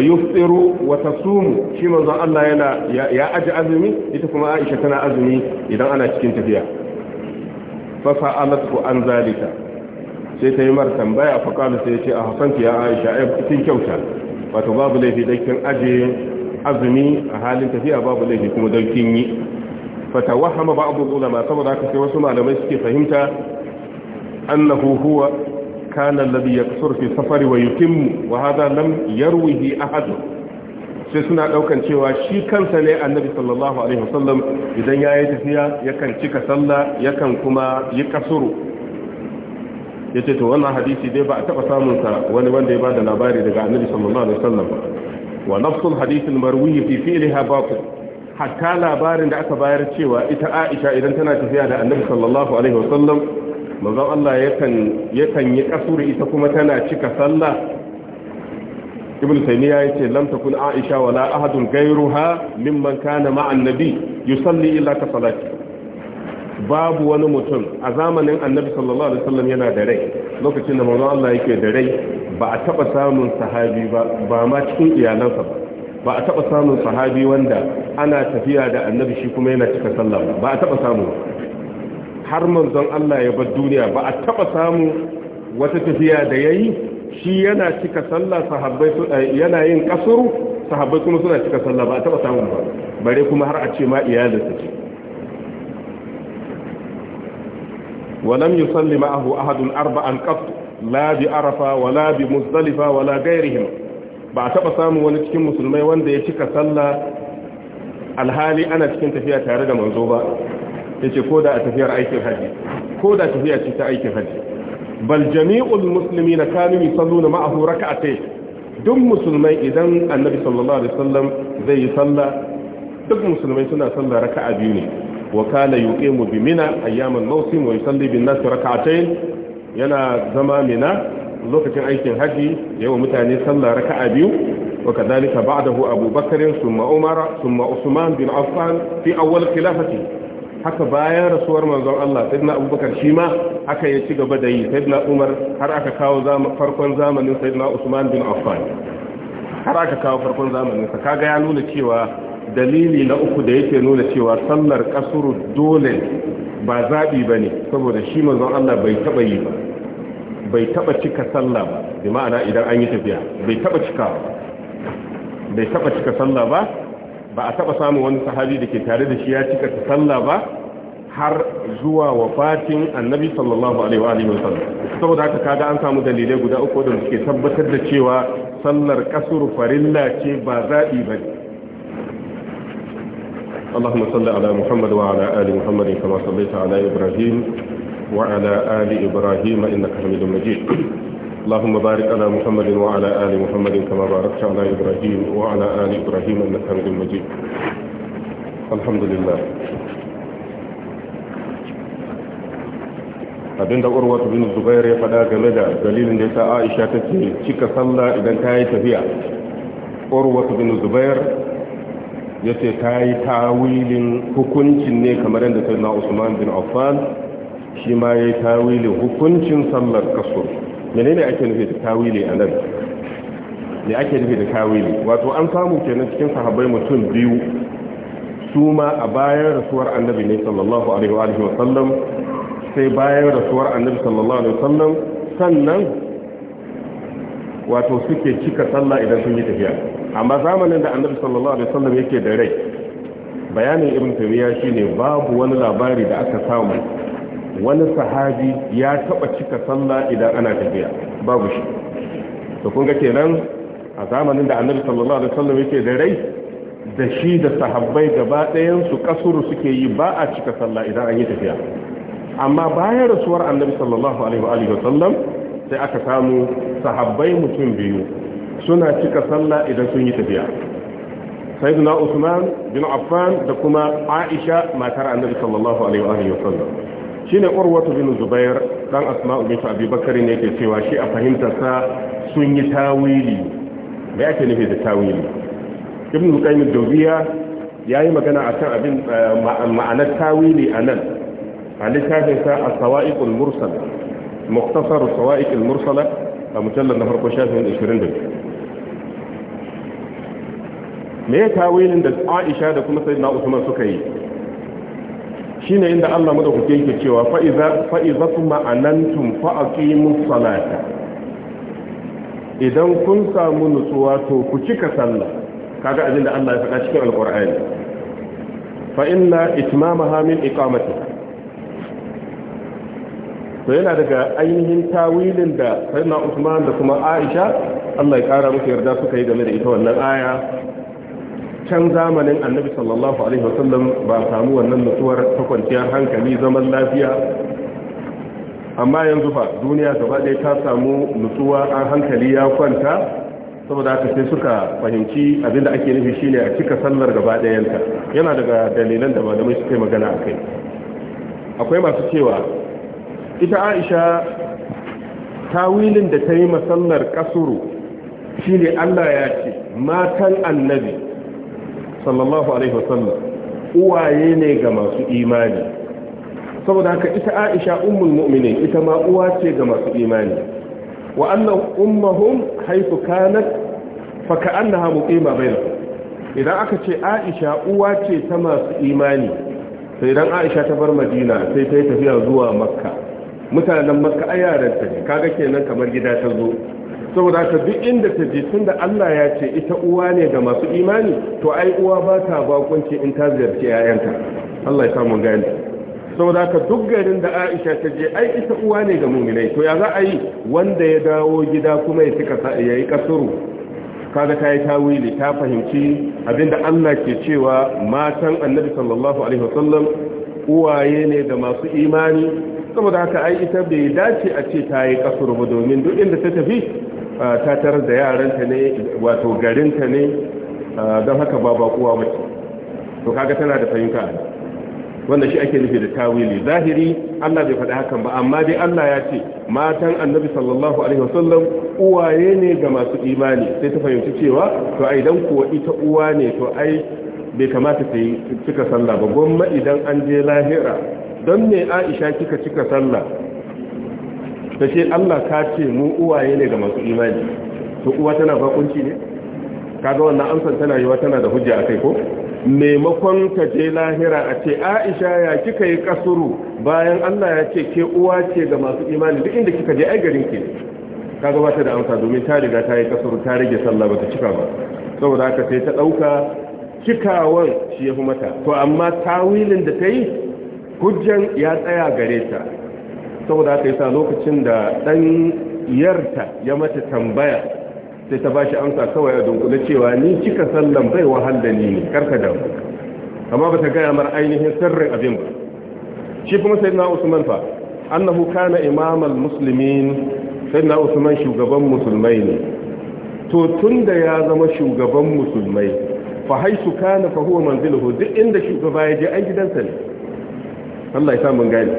wa tasumu shi manzo Allah yana ya aji azumi ita kuma aisha tana azumi idan ana cikin tafiya fa fa'alatu an zalika sai ta yi mar tambaya fa kala sai ya ce a ya aisha ai kin kyauta wato babu laifi dakin aje azumi a halin tafiya babu laifi kuma dakin yi abu ba'd ulama saboda haka sai wasu malamai suke fahimta annahu huwa kana alladhi yaksur fi safari wa yutimmu wa hadha lam yarwihi ahad sai suna daukan cewa shi kansa ne annabi sallallahu alaihi wasallam idan yayi tafiya yakan cika sallah yakan kuma yi kasuru yace to wannan hadisi dai ba a taba samun sa wani wanda ya bada labari daga annabi sallallahu alaihi wasallam wa nafsul hadith almarwi fi fi'liha baqi hatta labarin da aka bayar cewa ita Aisha idan tana tafiya da Annabi sallallahu alaihi wasallam manzon Allah yakan yakan yi kasuri ita kuma tana cika sallah Ibn Taymiyyah yace lam takun Aisha wala ahadun ghayruha mimman kana ma'a annabi yusalli illa ka salati babu wani mutum a zamanin Annabi sallallahu alaihi wasallam yana da rai lokacin da manzon Allah yake da rai ba a taba samun sahabi ba ba ma cikin iyalansa ba ba a taba samun sahabi wanda ana tafiya da annabi shi kuma yana cika sallah ba a taba samu har manzon Allah ya bar duniya ba a taba samu wata tafiya da yayi shi yana cika sallah sahabbai eh, yana yin kasuru sahabbai kuma suna cika sallah ba a taba samu ba bare kuma har a ce ma iyalinsa ce ولم يصلي معه أحد أربعا قط لا بأرفة ولا بمزدلفة ولا غيرهم ba a taɓa samun wani cikin musulmai wanda ya cika sallah alhali ana cikin tafiya tare da manzo ba ya ce ko da a tafiyar aikin haji ko da tafiya ce ta aikin haji bal jami'ul musulmi na kanu yi sallu na ma'ahu raka a duk musulmai idan annabi sallallahu alaihi wasallam zai yi sallah duk musulmai suna sallah raka'a biyu ne wa kana yuqimu bi mina ayyaman mawsim wa yusalli bin nas raka'atayn yana zama mina lokacin aikin haji wa mutane sallah raka'a biyu wa kadhalika ba'dahu Abu Bakr thumma Umar thumma Usman bin Affan fi awwal khilafati haka bayan rasuwar manzon Allah sayyidina abubakar shima haka ya ci gaba da yi sayyidina Umar har aka kawo farkon zamanin sayyidina Usman bin Affan har aka kawo farkon zamanin sa kaga ya nuna cewa dalili na uku da yake nuna cewa sallar kasuru dole ba zaɓi ba ne saboda shi manzon Allah bai taɓa yi ba bai taba cika sallah ba bi ma'ana idan an yi tafiya bai taba cika bai taba cika sallah ba ba a taba samun wani sahabi da ke tare da shi ya cika sallah ba har zuwa wafatin annabi sallallahu alaihi wa alihi wasallam saboda haka kaga an samu dalilai guda uku da suke tabbatar da cewa sallar kasur farilla ce ba zabi ba اللهم صل على محمد وعلى آل محمد كما صليت على إبراهيم وعلى آل إبراهيم إنك حميد مجيد اللهم بارك على محمد وعلى آل محمد كما باركت على إبراهيم وعلى آل إبراهيم إنك حميد مجيد الحمد لله abinda urwa bin zubair ya faɗa game da dalilin da sa Aisha take cika sallah idan ta yi tafiya urwa bin zubair yace ta yi tawilin hukuncin ne kamar yadda na Usman bin Affan shi ma ya yi tawili hukuncin sallar kaso ne ake nufi da tawili a nan ne ake nufi da tawili wato an samu kenan cikin sahabbai mutum biyu su ma a bayan rasuwar annabi ne sallallahu alaihi wa sallam sai bayan rasuwar annabi sallallahu alaihi wa sallam sannan wato suke cika sallah idan sun yi tafiya amma zamanin da annabi sallallahu alaihi wa sallam yake da rai bayanin ibn shi shine babu wani labari da aka samu wani sahabi ya taba cika sallah idan ana tafiya babu shi to kun ga kenan a zamanin da annabi sallallahu alaihi wasallam yake da rai da shi da sahabbai gaba ɗayan su kasuru suke yi ba a cika sallah idan an yi tafiya amma bayan rasuwar annabi sallallahu alaihi wasallam sai aka samu sahabbai mutum biyu suna cika sallah idan sun yi tafiya sayyidina usman bin affan da kuma aisha matar annabi sallallahu alaihi wasallam shine urwatu bin zubair dan asma'u bint abi bakari ne yake cewa shi a sa sun yi tawili me ake nufi da tawili ibn qayyim ad yayi magana akan abin eh, ma'anar tawili anan a littafin sa as-sawa'iq al-mursal mukhtasar as-sawa'iq al-mursala a mujallal na farko shafin 22 me tawilin da Aisha da kuma Sayyidina Usman suka yi shine inda Allah madaukake yake cewa fa iza fa iza kuma anantum fa aqimus salata idan kun samu nutsuwa to ku cika sallah kaga abin da Allah ya faɗa cikin alqur'ani fa inna itmamaha min iqamati to yana daga ainihin tawilin da sayyidina Usman da kuma Aisha Allah ya kara musu yarda suka yi game da ita wannan aya can zamanin annabi sallallahu alaihi wasallam ba samu wannan nutsuwar ta kwanciyar hankali zaman lafiya amma yanzu fa duniya gaba ɗaya ta samu nutsuwa an hankali ya kwanta saboda haka sai suka fahimci abin da ake nufi shine a cika sallar gaba ɗayanta yana daga dalilan da malamai suka yi magana a kai akwai masu cewa ita aisha tawilin da ta yi masallar kasuru shine allah ya ce matan annabi sallallahu alaihi wasallam uwaye ne ga masu imani saboda haka ita Aisha ummul mu'minin ita ma uwa ce ga masu imani wa annahu ummuhum haythu kanat fa ka'annaha muqima bainah idan aka ce Aisha uwa ce ta masu imani sai idan Aisha ta bar Madina sai ta yi tafiya zuwa Makka mutanen Makka ayyaran ta ne kaga kenan kamar gida ta zo saboda haka duk inda ta je tunda Allah ya ce ita uwa ne ga masu imani to ai uwa ba ta bakunci in ta ziyarci yayanta Allah ya samu gani saboda haka duk garin da Aisha ta je ai ita uwa ne ga mu'minai to ya za a yi wanda ya dawo gida kuma ya tika yayi kasuru kaga ta yi tawili ta fahimci abinda Allah ke cewa matan Annabi sallallahu alaihi wasallam uwaye ne da masu imani saboda haka ai ita bai dace a ce ta yi kasuru ba domin duk inda ta tafi Ah, ta tarar da yaranta ne wato garinta ne ah, don haka ba bakuwa mace to kaga tana da fahimta wanda shi ake nufi da tawili zahiri Allah bai faɗi hakan ba amma dai Allah ya ce matan annabi sallallahu alaihi wasallam uwaye ne ga masu imani sai ta fahimci cewa to ai dan kuwa ita uwa ne to ai bai kamata ta yi cika sallah ba gwamma idan an je lahira don me Aisha kika cika sallah ta ce Allah ka ce mu uwaye ne ga masu imani to uwa tana bakunci ne kaga wannan amsar tana yiwa tana da hujja a kai, ko maimakon ka je lahira a ce Aisha ya kika yi kasuru bayan Allah ya ce ke uwa ce ga masu imani duk inda kika je ai garin ke kaga ba ta da amsa domin ta riga ta yi kasuru ta rage sallah ba ta cika ba saboda haka sai ta dauka cikawan shi ya fi mata to amma tawilin da ta yi hujjan ya tsaya gare ta saboda haka yasa lokacin da ɗan yarta ya mata tambaya sai ta bashi amsa kawai a dunkule cewa ni cika sallan bai wahala ni ne karka da amma bata gaya mar ainihin sirrin abin ba shi kuma sayyidina Usman fa annahu kana imamal muslimin sayyidina Usman shugaban musulmai ne to tun da ya zama shugaban musulmai fa haisu kana fa huwa manziluhu duk inda shugaba ya je an gidansa ne Allah ya sa mun gani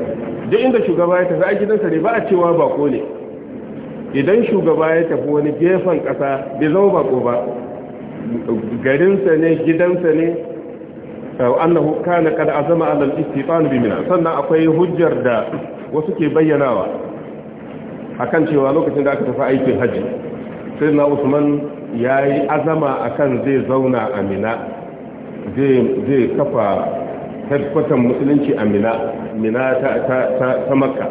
duk inda shugaba ya tafi a gidansa ne ba a cewa bako ne idan shugaba ya tafi wani gefen ƙasa bai zama bako ba garinsa ne gidansa ne annahu kana kada azama ala istifan bi mina sannan akwai hujjar da wasu ke bayyanawa akan cewa lokacin da aka tafi aikin haji sai na Usman yayi azama akan zai zauna a Mina zai kafa headquarter musulunci a mina mina ta makka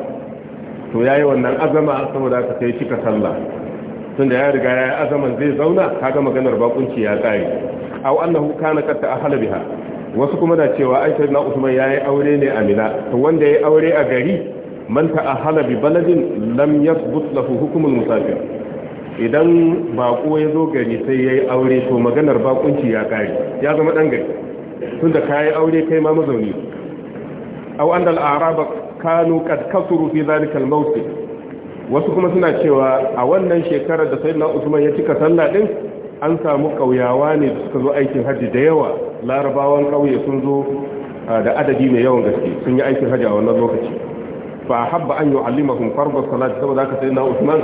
to ya yi wannan azama saboda ka sai cika sallah tun da ya riga ya yi azaman zai zauna kaga maganar bakunci ya tsari au na kana a ahla biha wasu kuma da cewa aisha na usman ya yi aure ne a mina to wanda ya yi aure a gari manta a halabi baladin lam ya butlafu hukmul musafir idan bako ya zo gari sai ya yi aure to maganar bakunci ya kare ya zama dan gari da kayi aure kai ma mazauni aw an dal arab kanu kad kasuru fi al wasu kuma suna cewa a wannan shekarar da sayyidina Usman ya cika sallah din an samu kauyawa ne da suka zo aikin haji da yawa larabawan kauye sun zo da adadi mai yawan gaske sun yi aikin haji a wannan lokaci fa habba an yu'allimahum farz salat saboda haka sayyidina Usman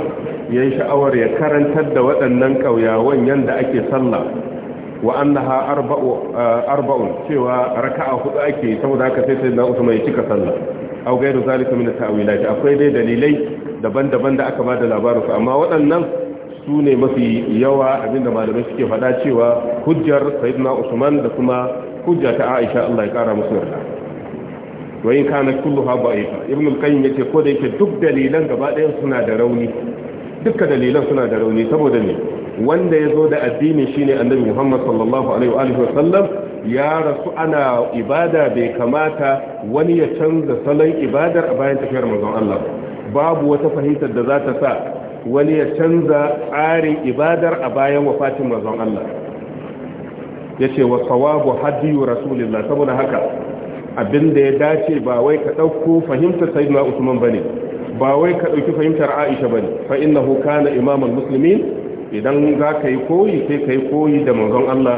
yayi sha'awar ya karantar da waɗannan kauyawan yanda ake sallah wa annaha eh, arba'un cewa raka'a hudu ake saboda haka sai sayyidina Usman ya cika sallah au gairu zalika min at-ta'wilat akwai dai dalilai daban-daban da aka ba da labarin su amma waɗannan su ne mafi yawa abinda malamai suke faɗa cewa hujjar sayyidina Usman da kuma hujja ta Aisha Allah ya kara musu yarda wa in kana kulluha ibn al-qayyim yace ko da yake duk dalilan gaba ɗayan suna da rauni dukkan dalilan suna da rauni saboda ne wanda ya zo da addini shine annabi Muhammad sallallahu alaihi wa sallam ya rasu ana ibada bai kamata wani ya canza salon ibadar a bayan tafiyar manzon Allah babu wata fahimtar da za ta sa wani ya canza tsarin ibadar a bayan wafatin manzon Allah ce wa sawabu hadiyu rasulillah saboda haka abinda ya dace ba wai ka ɗauko fahimtar sayyidina Usman bane ba wai ka ɗauki fahimtar Aisha bane fa innahu kana imamul muslimin idan za ka yi koyi sai ka yi koyi da manzon Allah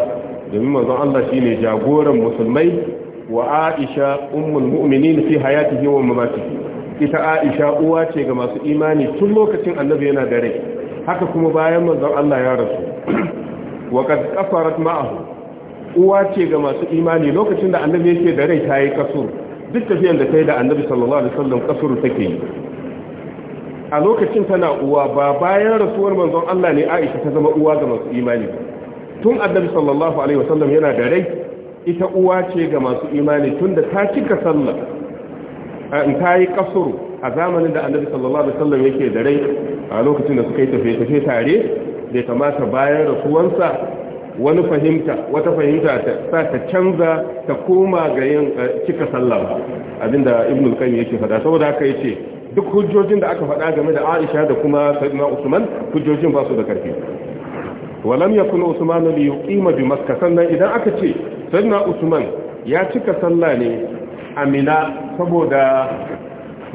domin manzon Allah shine jagoran musulmai wa Aisha ummul mu'minin fi hayatihi wa mamatihi ita Aisha uwa ce ga masu imani tun lokacin annabi yana da rai haka kuma bayan manzon Allah ya rasu wa qad kafarat ma'ahu uwa ce ga masu imani lokacin da annabi yake da rai ta yi kasur duk tafiyar da ta yi da annabi sallallahu alaihi wasallam kasuru take yi a lokacin tana uwa ba bayan rasuwar manzon Allah ne Aisha ta zama uwa ga masu imani tun annabi sallallahu alaihi wasallam yana da rai ita uwa ce ga masu imani tunda ta cika sallah in ta kasuru a zamanin da annabi sallallahu alaihi wasallam yake da rai a lokacin da suka yi tafiye tafiye tare bai kamata bayan rasuwansa wani fahimta wata fahimta ta sa ta canza ta koma ga yin eh, cika sallah abinda ibnu qayyim yake faɗa saboda haka yace duk hujjojin da aka faɗa game da Aisha da kuma Sayyidina Usman hujjojin ba su da karfi walam yakun Usman li yuqima bi Makka sannan idan aka ce Sayyidina Usman ya cika sallah ne a Mina saboda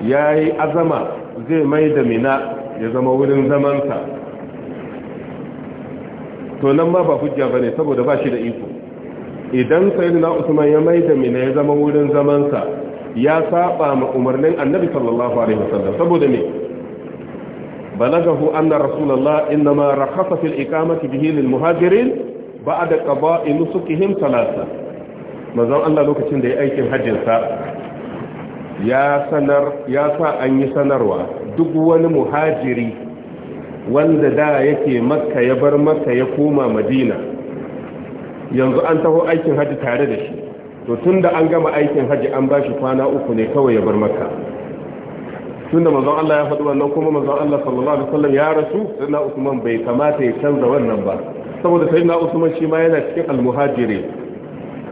yayi azama zai mai da Mina ya zama wurin zamansa to nan ma ba hujja bane saboda ba shi da iko idan Sayyidina Usman ya mai da Mina ya zama wurin zamansa ya saba ma umarnin annabi sallallahu alaihi wasallam saboda me balagahu anna rasulullah inma rakhasa fil iqamati bihi lil muhajirin ba'da qada'i nusukihim thalatha manzon Allah lokacin da ya aikin hajjin sa ya sanar ya sa an yi sanarwa duk wani muhajiri wanda da yake makka ya bar makka ya koma madina yanzu an taho aikin hajji tare da shi to tun da an gama aikin hajji an ba shi kwana uku ne kawai ya bar makka tun da mazan Allah ya faɗi wannan kuma mazan Allah sallallahu alaihi wasallam ya rasu sayyidina Usman bai kamata ya canza wannan ba saboda na Usman shi ma yana cikin almuhajiri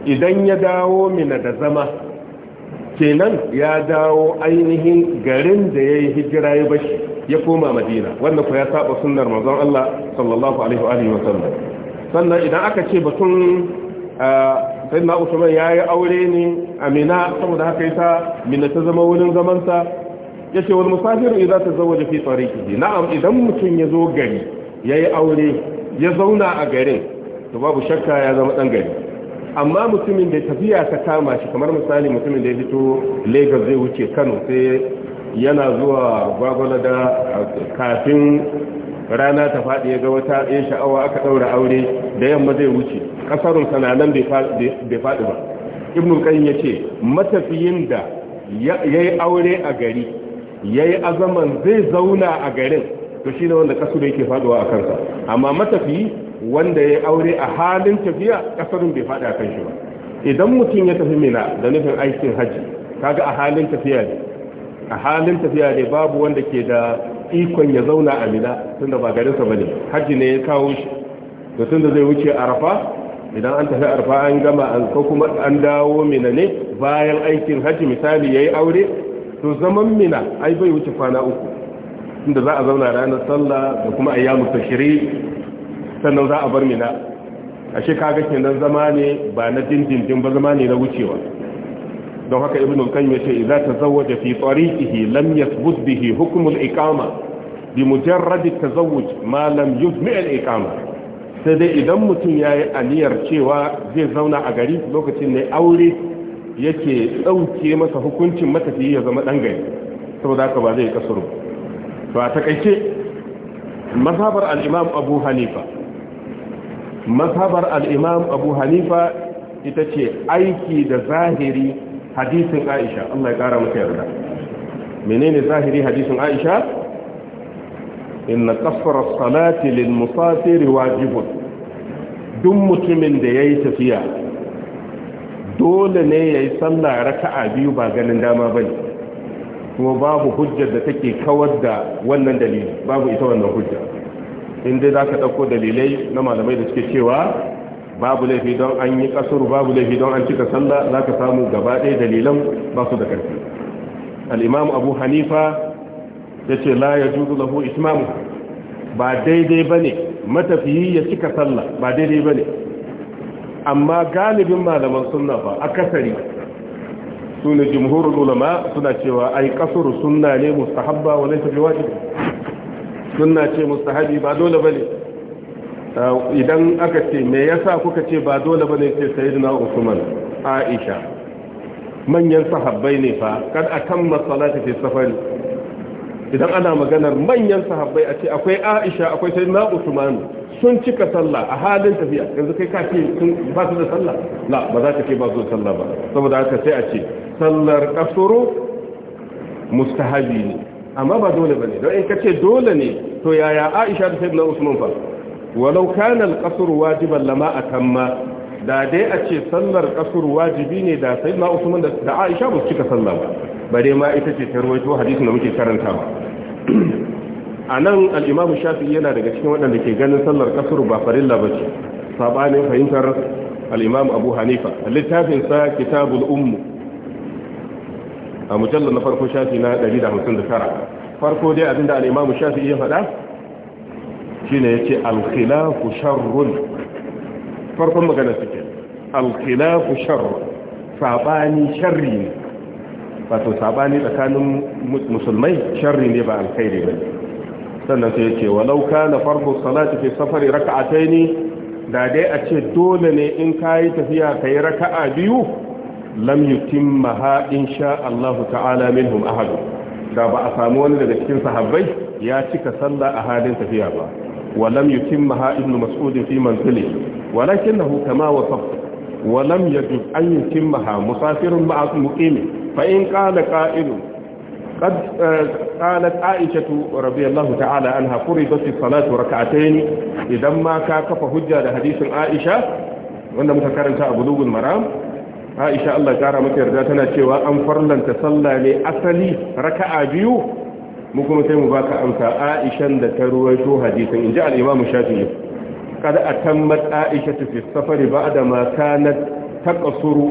idan ya dawo mina da zama kenan ya dawo ainihin garin da yayi hijira ya bashi ya koma Madina wanda ku ya saba sunnar mazan Allah sallallahu alaihi wa wasallam sannan idan aka ce batun ah, sai na usman ya yi aure ne a mina saboda haka yi ta mina ta zama wurin zamansa ya ce wani musafiru idan ta zama fi tsariki na'am idan mutum ya zo gari ya yi aure ya zauna a garin to babu shakka ya zama dan gari amma mutumin da tafiya ta kama shi kamar misali mutumin da ya fito lagos zai wuce kano sai yana zuwa gwagwalada kafin rana ta faɗi ya ga wata ya sha'awa aka ɗaura aure da yamma zai wuce ƙasarun sananan bai faɗi ba ibn qayyim ya ce matafiyin da ya yi aure a gari ya yi azaman zai zauna a garin to shi ne wanda ƙasar yake faɗuwa a kansa amma matafiyi wanda ya yi aure a halin tafiya ƙasarun bai faɗi a kan shi ba idan mutum ya tafi mina da nufin aikin hajji kaga a halin tafiya ne a halin tafiya ne babu wanda ke da ikon ya zauna a mina tunda ba garinsa ba ne hajji ne ya kawo shi da tunda zai wuce arafa idan an tafi arafa an gama an ko kuma an dawo mina ne bayan aikin hajji misali ya yi aure to zaman mina ai bai wuce kwana uku tunda za a zauna ranar sallah da kuma ayyamu tashiri sannan za a bar mina ashe kaga kenan zama ne ba na dindindin ba zama ne na wucewa don haka ibn al-qayyim yace idza tazawwaja fi tariqihi lam yathbut bihi hukm al-iqama bi mujarrad at-tazawwuj ma lam yuzmi al-iqama sai dai idan mutum yayi aniyar cewa zai zauna a gari lokacin ne aure yake dauke masa hukuncin matafiya ya zama dan gari saboda haka ba zai kasuru to a takaice mazhabar al-imam abu hanifa mazhabar al-imam abu hanifa ita ce aiki da zahiri hadisin aisha Allah ya kara masa yarda menene zahiri hadisin aisha inna qasra as-salati lil musafir wajibun duk mutumin da yayi tafiya dole ne yayi sallah raka'a biyu ba ganin dama bane kuma babu hujjar da take kawar da wannan dalili babu ita wannan hujja in dai zaka dauko dalilai na malamai da suke cewa babu laifi don an yi kasuru babu laifi don an cika sallah za ka samu gaba ɗaya dalilan ba su da ƙarfi al'imam abu hanifa ya ce la ya juzu lahu ismamu ba daidai ba ne matafiyi ya cika sallah ba daidai ba ne amma galibin malaman sunna ba akasari su ne jimhurin ulama suna cewa ai kasuru sunna ne mustahabba wa laifafi wajibi sunna ce mustahabi ba dole ba ne Eh, idan aka ce me yasa kuka ce ba dole bane ce sayyidina Usman Aisha manyan sahabbai ne fa kad atamma salati fi safari idan ana maganar manyan sahabbai a ce akwai Aisha akwai sayyidina Usman sun cika sallah a halin tafiya yanzu kai ka ce sun ba su da sallah la ba za ta ce ba su da sallah ba saboda haka sai a ce sallar kasuru mustahabi ne amma ba dole bane don in ka ce dole ne to yaya Aisha da sayyidina Usman fa walau kana al wajiban lama atamma da dai a ce sallar qasr wajibi ne da sayyidina Usman da Aisha ba su cika sallar. ba bare ma ita ce ta rawaito hadisin da muke ba. anan al-Imam Shafi'i yana daga cikin waɗanda ke ganin sallar qasr ba farilla bace sabanin fahimtar al Abu Hanifa littafin sa Kitabul Umm a mujallal na farko shafi na 159 farko dai abinda al-Imam Shafi'i ya faɗa shine yace al-khilafu sharrun farkon magana suke al sharrun sabani sharri ne wato sabani tsakanin musulmai sharri ne ba alkhairi ne sannan sai yace walau na farko salati ke safari rak'ataini da dai a ce dole ne in kayi tafiya ka raka raka'a biyu lam yutimmaha insha allahu ta'ala hum ahad da ba a samu wani daga cikin sahabbai ya cika sallah a halin tafiya ba ولم يتمها ابن مسعود في منزله ولكنه كما وصفت ولم يجب أن يتمها مسافر مع مقيم فإن قال قائل قد قالت عائشة رضي الله تعالى عنها فرضت الصلاة ركعتين إذا ما كاكف هجة لحديث عائشة wanda muka karanta a bulugul maram Aisha Allah kara mata yarda tana cewa an farlanta sallah ne asali raka'a biyu mu kuma sai mu baka amsa aishan da ta ruwaito hadisin inji al-imam shafi'i kad atammat aisha fi safari ba'da ma kanat taqsuru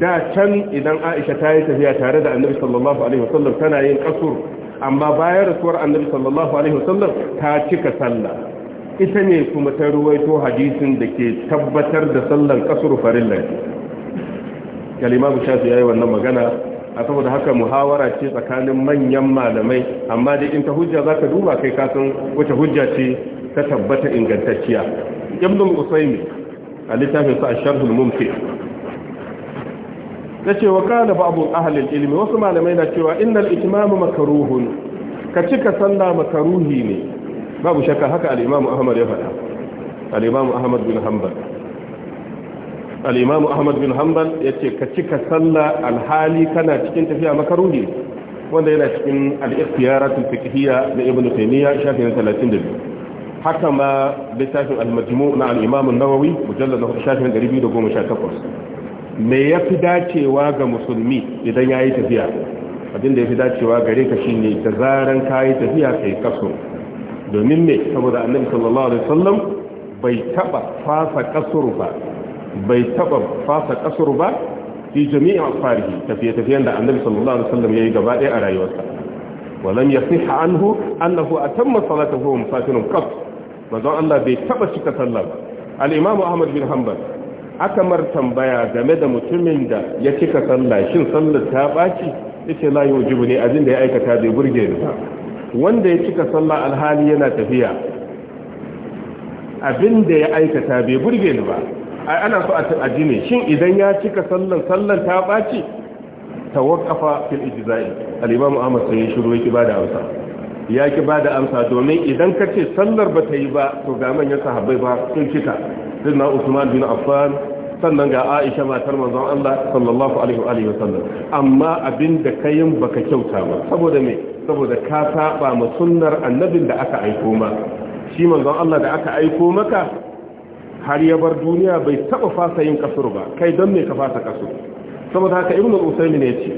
da can idan aisha ta yi tafiya tare da annabi sallallahu alaihi wasallam tana yin kasur amma bayan rasuwar annabi sallallahu alaihi wasallam ta cika sallah ita ne kuma ta ruwaito hadisin da ke tabbatar da sallan Farin farilla kalimatu shafi yi wannan magana a saboda haka muhawara ce tsakanin manyan malamai amma dai in ta hujja za ka duba kai kasan wata hujja ce ta tabbata ingantacciya ibnu usaymi a littafin sa sharhul mumkin yace wa kana abu ahli ilmi wasu malamai na cewa innal itmam makruhun ka cika sallah makruhi ne babu shakka haka al ahmad ya faɗa al-imam ahmad bin hanbal al'imamu ahmad bin hanbal ya ce ka cika sallah alhali kana cikin tafiya makaruhi wanda yana cikin al'ikhtiyaratul fiqhiyya na ibnu taymiya shafin 32 haka ma littafin al-majmu na al-imam an-nawawi mujallad na shafin 218 me yafi dacewa ga musulmi idan yayi tafiya abin da yafi dacewa gare ka shine da ka yi tafiya ka yi kaso domin me saboda annabi sallallahu alaihi wasallam bai taba fasa kasuru ba bai taba fasa kasar ba fi jami'in afarihi tafiye-tafiyen da annabi sallallahu alaihi wasallam yayi gaba ɗaya a rayuwarsa walam yasih anhu annahu atamma salatahu wa musafirun qat manzon Allah bai taba cika sallah ba al-imam Ahmad bin Hanbal akamar tambaya game da mutumin da ya cika sallah shin sallar ta baci yace la yujibu ne abin da ya aikata bai burge ni ba wanda ya cika sallah alhali yana tafiya abin da ya aikata bai burge ni ba ai ana so a ji ne shin idan ya cika sallan sallan ta baci tawaqqafa fil ijza'i al-imam Ahmad sai ya shiru yake bada amsa ya ki bada amsa domin idan ka ce sallar ba ta yi ba to ga manyan sahabbai ba sun cika na Usman bin Affan sannan ga Aisha matar manzon Allah sallallahu alaihi wa alihi wasallam amma abinda kayin baka kyauta ba saboda me saboda ka saba ma sunnar annabin da aka aiko ma shi manzon Allah da aka aiko maka har ya bar duniya bai taba fasa yin kasur ba kai don me ka fasa kasur saboda haka ibnu usaymin ya ce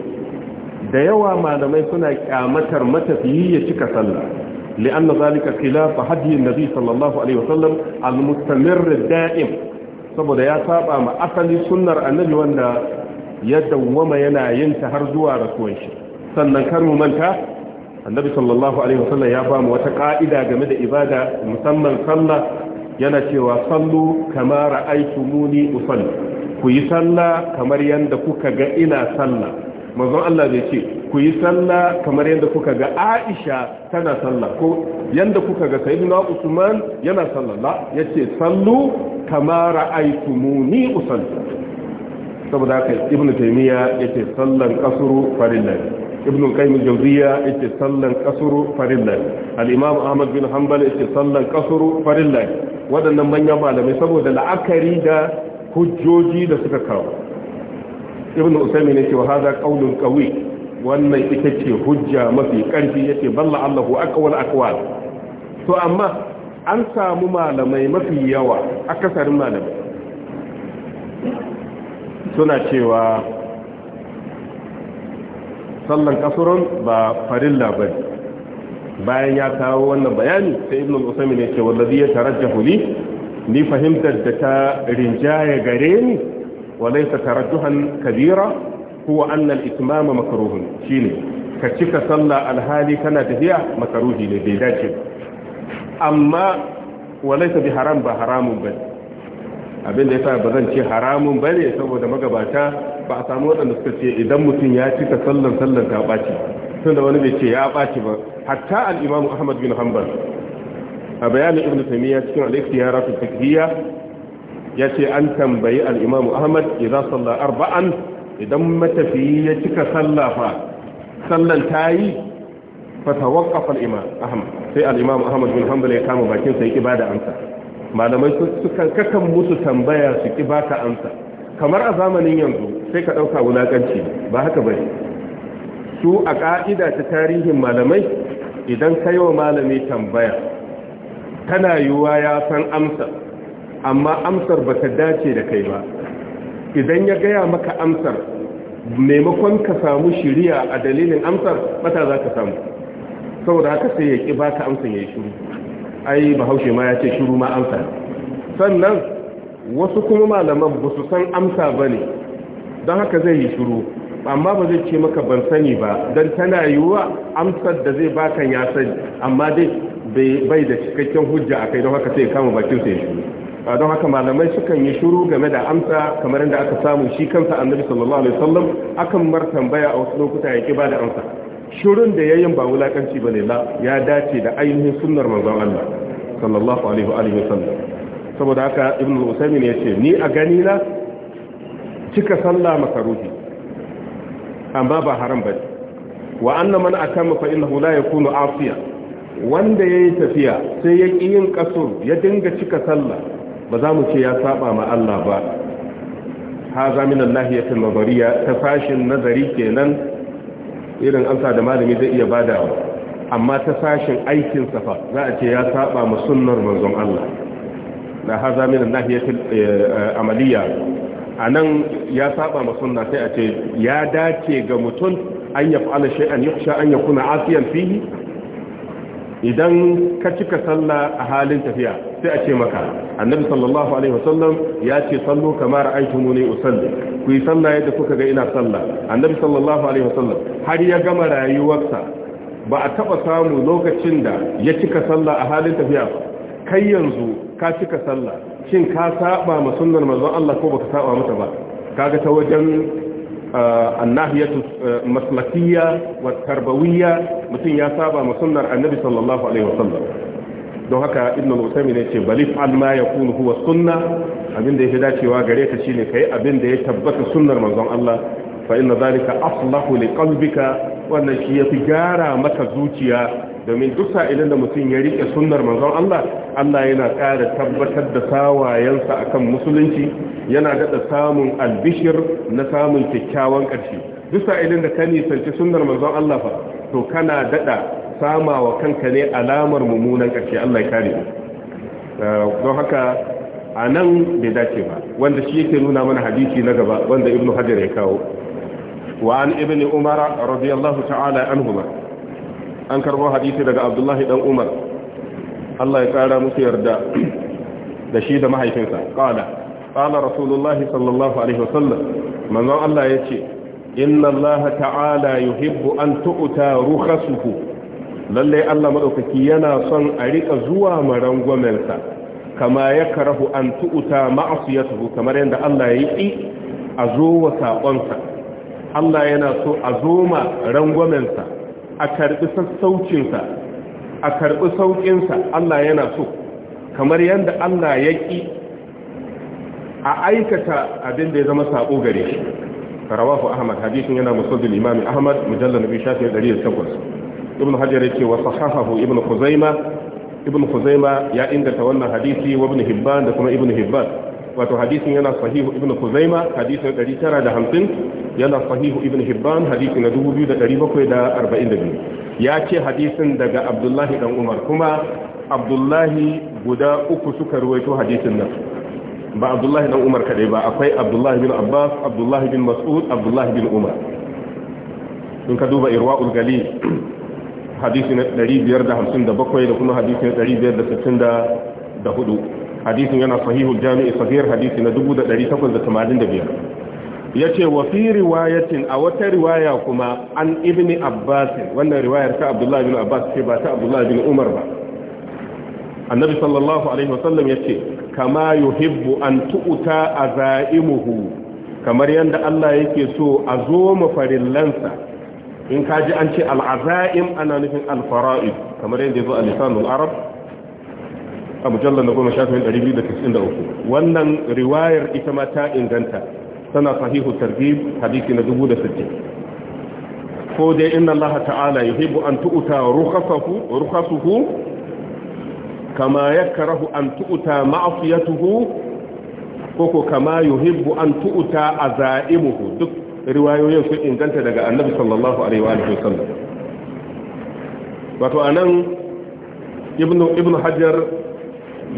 da yawa malamai suna kyamatar matafiyi ya cika sallah li'anna zalika khilafa hadiyin nabi sallallahu alaihi wasallam al-mustamir da'im saboda ya saba ma asali sunnar annabi wanda ya dawwama yana yin ta har zuwa rasuwan shi sannan kar mu manta annabi sallallahu alaihi wasallam ya ba mu wata ka'ida game da ibada musamman sallah yana cewa sallu kama ra'aytumuni usalli ku yi sallah kamar yadda kuka ga ina sallah manzon Allah bai ce ku yi sallah kamar yadda kuka ga Aisha tana sallah ko yadda kuka ga na Usman yana sallah la yace sallu kama muni usalli saboda haka Ibn Taymiyyah yace sallan kasuru farilla ابن القيم الجوزية اتصلا قصر Ahmad bin أحمد بن حنبل اتصلا قصر فرلا waɗannan manyan malamai saboda la'akari da hujjoji da suka kawo ibn usami ne cewa haza ƙaunin qawi wannan ita ce hujja mafi karfi yace balla Allahu aqwal aqwal to amma an samu malamai mafi yawa akasarin malamai suna cewa sallan kasurun ba farin labari bayan ya kawo wannan bayani sai ibn al ya ce wallazi ya tarajjahu li ni fahimtar da ta rinjaya gare ni walaysa tarajjuhan kabira huwa anna al-itmama makruh shine ka cika sallah alhali kana tafiya makaruhi ne bai dace amma walaysa bi haram ba haramun bane da yasa ba zan ce haramun ba ne saboda magabata ba a samu wadanda suka ce idan mutum ya cika sallan sallan ta baci tunda wani bai ce ya baci ba hatta al ahmad bin hanbal a bayanin ibn taymiya cikin al-ikhtiyaratu ya yace an tambayi al-imam ahmad idan salla arba'an idan matafiyi ya cika sallafa sallan tayi fa tawaqqafa al-imam ahmad sai bin hanbal ya kama bakin sa yake da amsa malamai sukan kakan musu tambaya su ki ta amsa kamar a zamanin yanzu sai ka ɗauka wulaƙanci ba haka bane su a ƙa'ida ta tarihin malamai idan ka yi wa malami tambaya tana yiwuwa ya san amsa amma amsar ba ta dace da kai ba idan ya gaya maka amsar maimakon ka samu shiriya a dalilin amsar mata za ka samu saboda haka sai ya ƙi ba ka amsar ya yi shuru ai bahaushe ma ya ce shuru ma amsa sannan wasu kuma malaman ba su san amsa ba ne don haka zai yi shuru amma ba zai ce maka ban sani ba don tana yiwuwa amsar da zai baka ya sani amma dai bai da cikakken hujja a kai don haka sai kama bakin sai a don haka malamai sukan yi shiru game da amsa kamar yadda aka samu shi kansa annabi sallallahu alaihi wasallam akan mar tambaya a wasu lokuta yake ba da amsa shirun da yayin ba wulakanci bane la ya dace da ainihin sunnar manzon Allah sallallahu alaihi wa alihi wasallam saboda haka ibnu usaymin yace ni a gani na cika sallah makaruhi amma ba haram bane wa anna man atama fa innahu la yakunu asiya wanda yayi tafiya sai ya ki yin kasur ya dinga cika sallah ba za mu ce ya saba ma Allah ba haza min Allah ta fashin nazari kenan irin amsa da malami zai iya badawa amma ta fashin aikin safa za a ce ya saba ma sunnar manzon Allah na haza min Allah eh, eh, amaliya a nan ya saba ma sunna sai a ce ya dace ga mutum an ya fa'ala shay'an kusa an kuna asiyan fihi idan ka cika salla a halin tafiya sai a ce maka annabi sallallahu alaihi wasallam ya ce sallu kama ra'aytumuni usalli ku yi salla yadda kuka ga ina sallah annabi sallallahu alaihi wasallam har ya gama rayuwarsa ba a taba samu lokacin da ya cika sallah a halin tafiya kai yanzu ka cika sallah shin ka saba ma sunnar manzon Allah ko baka saba mata ba kaga ta wajen eh, annahiyatu eh, maslakiyya wa tarbawiyya mutum ya saba ma sunnar annabi sallallahu alaihi wasallam don haka ibn al-usaymi ne ce balif an ma yakunu huwa sunna abinda yake dacewa gare ka shine kai da ya tabbata sunnar manzon Allah fa inna zalika aslahu liqalbika wannan shi yafi gara maka zuciya domin duk sa'ilin da mutum ya rike sunnar manzon Allah Allah yana ƙara tabbatar da sawayensa akan musulunci yana daɗa samun albishir na samun kyakkyawan ƙarshe duk sa'ilin da ka nisanci sunnar manzon Allah fa to kana daɗa sama wa kanka ne alamar mummunan ƙarshe Allah ya kare eh, don haka a nan bai dace ba wanda shi yake nuna mana hadisi na gaba wanda ibnu hajar ya kawo وعن ابن عمر رضي ta'ala تعالى عنهما an karbo hadisi daga abdullahi dan umar Allah ya kara musu yarda da shi da mahaifinsa qala qala rasulullahi sallallahu alaihi wasallam manzon Allah yace inna Allah ta'ala yuhibbu an tu'ta rukhasuhu lalle Allah madaukaki yana son a rika zuwa marangwamensa kama ya karahu an tu'ta ma'asiyatuhu kamar yadda Allah yayi a zo wa saƙonsa Allah yana so a zo ma rangwamensa a karbi sassaucinsa a karɓi sauƙinsa Allah yana so kamar yadda Allah ya ƙi a aikata abin da ya zama saƙo gare shi rawahu ahmad hadisin yana musulun imami ahmad mujallar nabi shafi 108 ibn hajar yake wa sahahahu ibn khuzaima ibn khuzaima ya inganta wannan hadisi wa ibn hibban da kuma ibn hibban wato hadisin yana sahihu ibn kuzaima hadisin 950 yana sahihu ibn hibban hadisin na 2742 ya ce hadisin daga abdullahi dan umar kuma abdullahi guda uku suka ruwaito hadisin nan ba abdullahi dan umar kadai ba akwai abdullahi bin abbas abdullahi bin mas'ud abdullahi bin umar in ka duba irwa'ul galil hadisi na 557 da kuma hadisi na 564 hadisin yana sahihul jami'i sahihar hadisi na 1885 yace wa fi riwayatin a wata riwaya kuma an ibni abbas wannan riwayar ta abdullahi bin abbas ce ba ta abdullahi bin umar ba annabi sallallahu alaihi wasallam yace kama yuhibbu an tu'ta azaimuhu kamar yanda Allah yake so a zo mafarillansa in kaji an ce al'azaim ana nufin al-fara'id kamar yanda yazo a lisanul arab a mujallar na goma shafin 293 wannan riwayar ita ma ta inganta tana sahihu targhib hadisi na 1060 ko dai inna Allah ta'ala yuhibbu an tu'ta rukhsahu rukhsuhu kama yakrahu an tu'ta ma'siyatuhu koko kama yuhibbu an tu'ta azaimuhu duk riwayoyin sun inganta daga Annabi sallallahu alaihi wa alihi wasallam wato anan ibnu ibnu hajar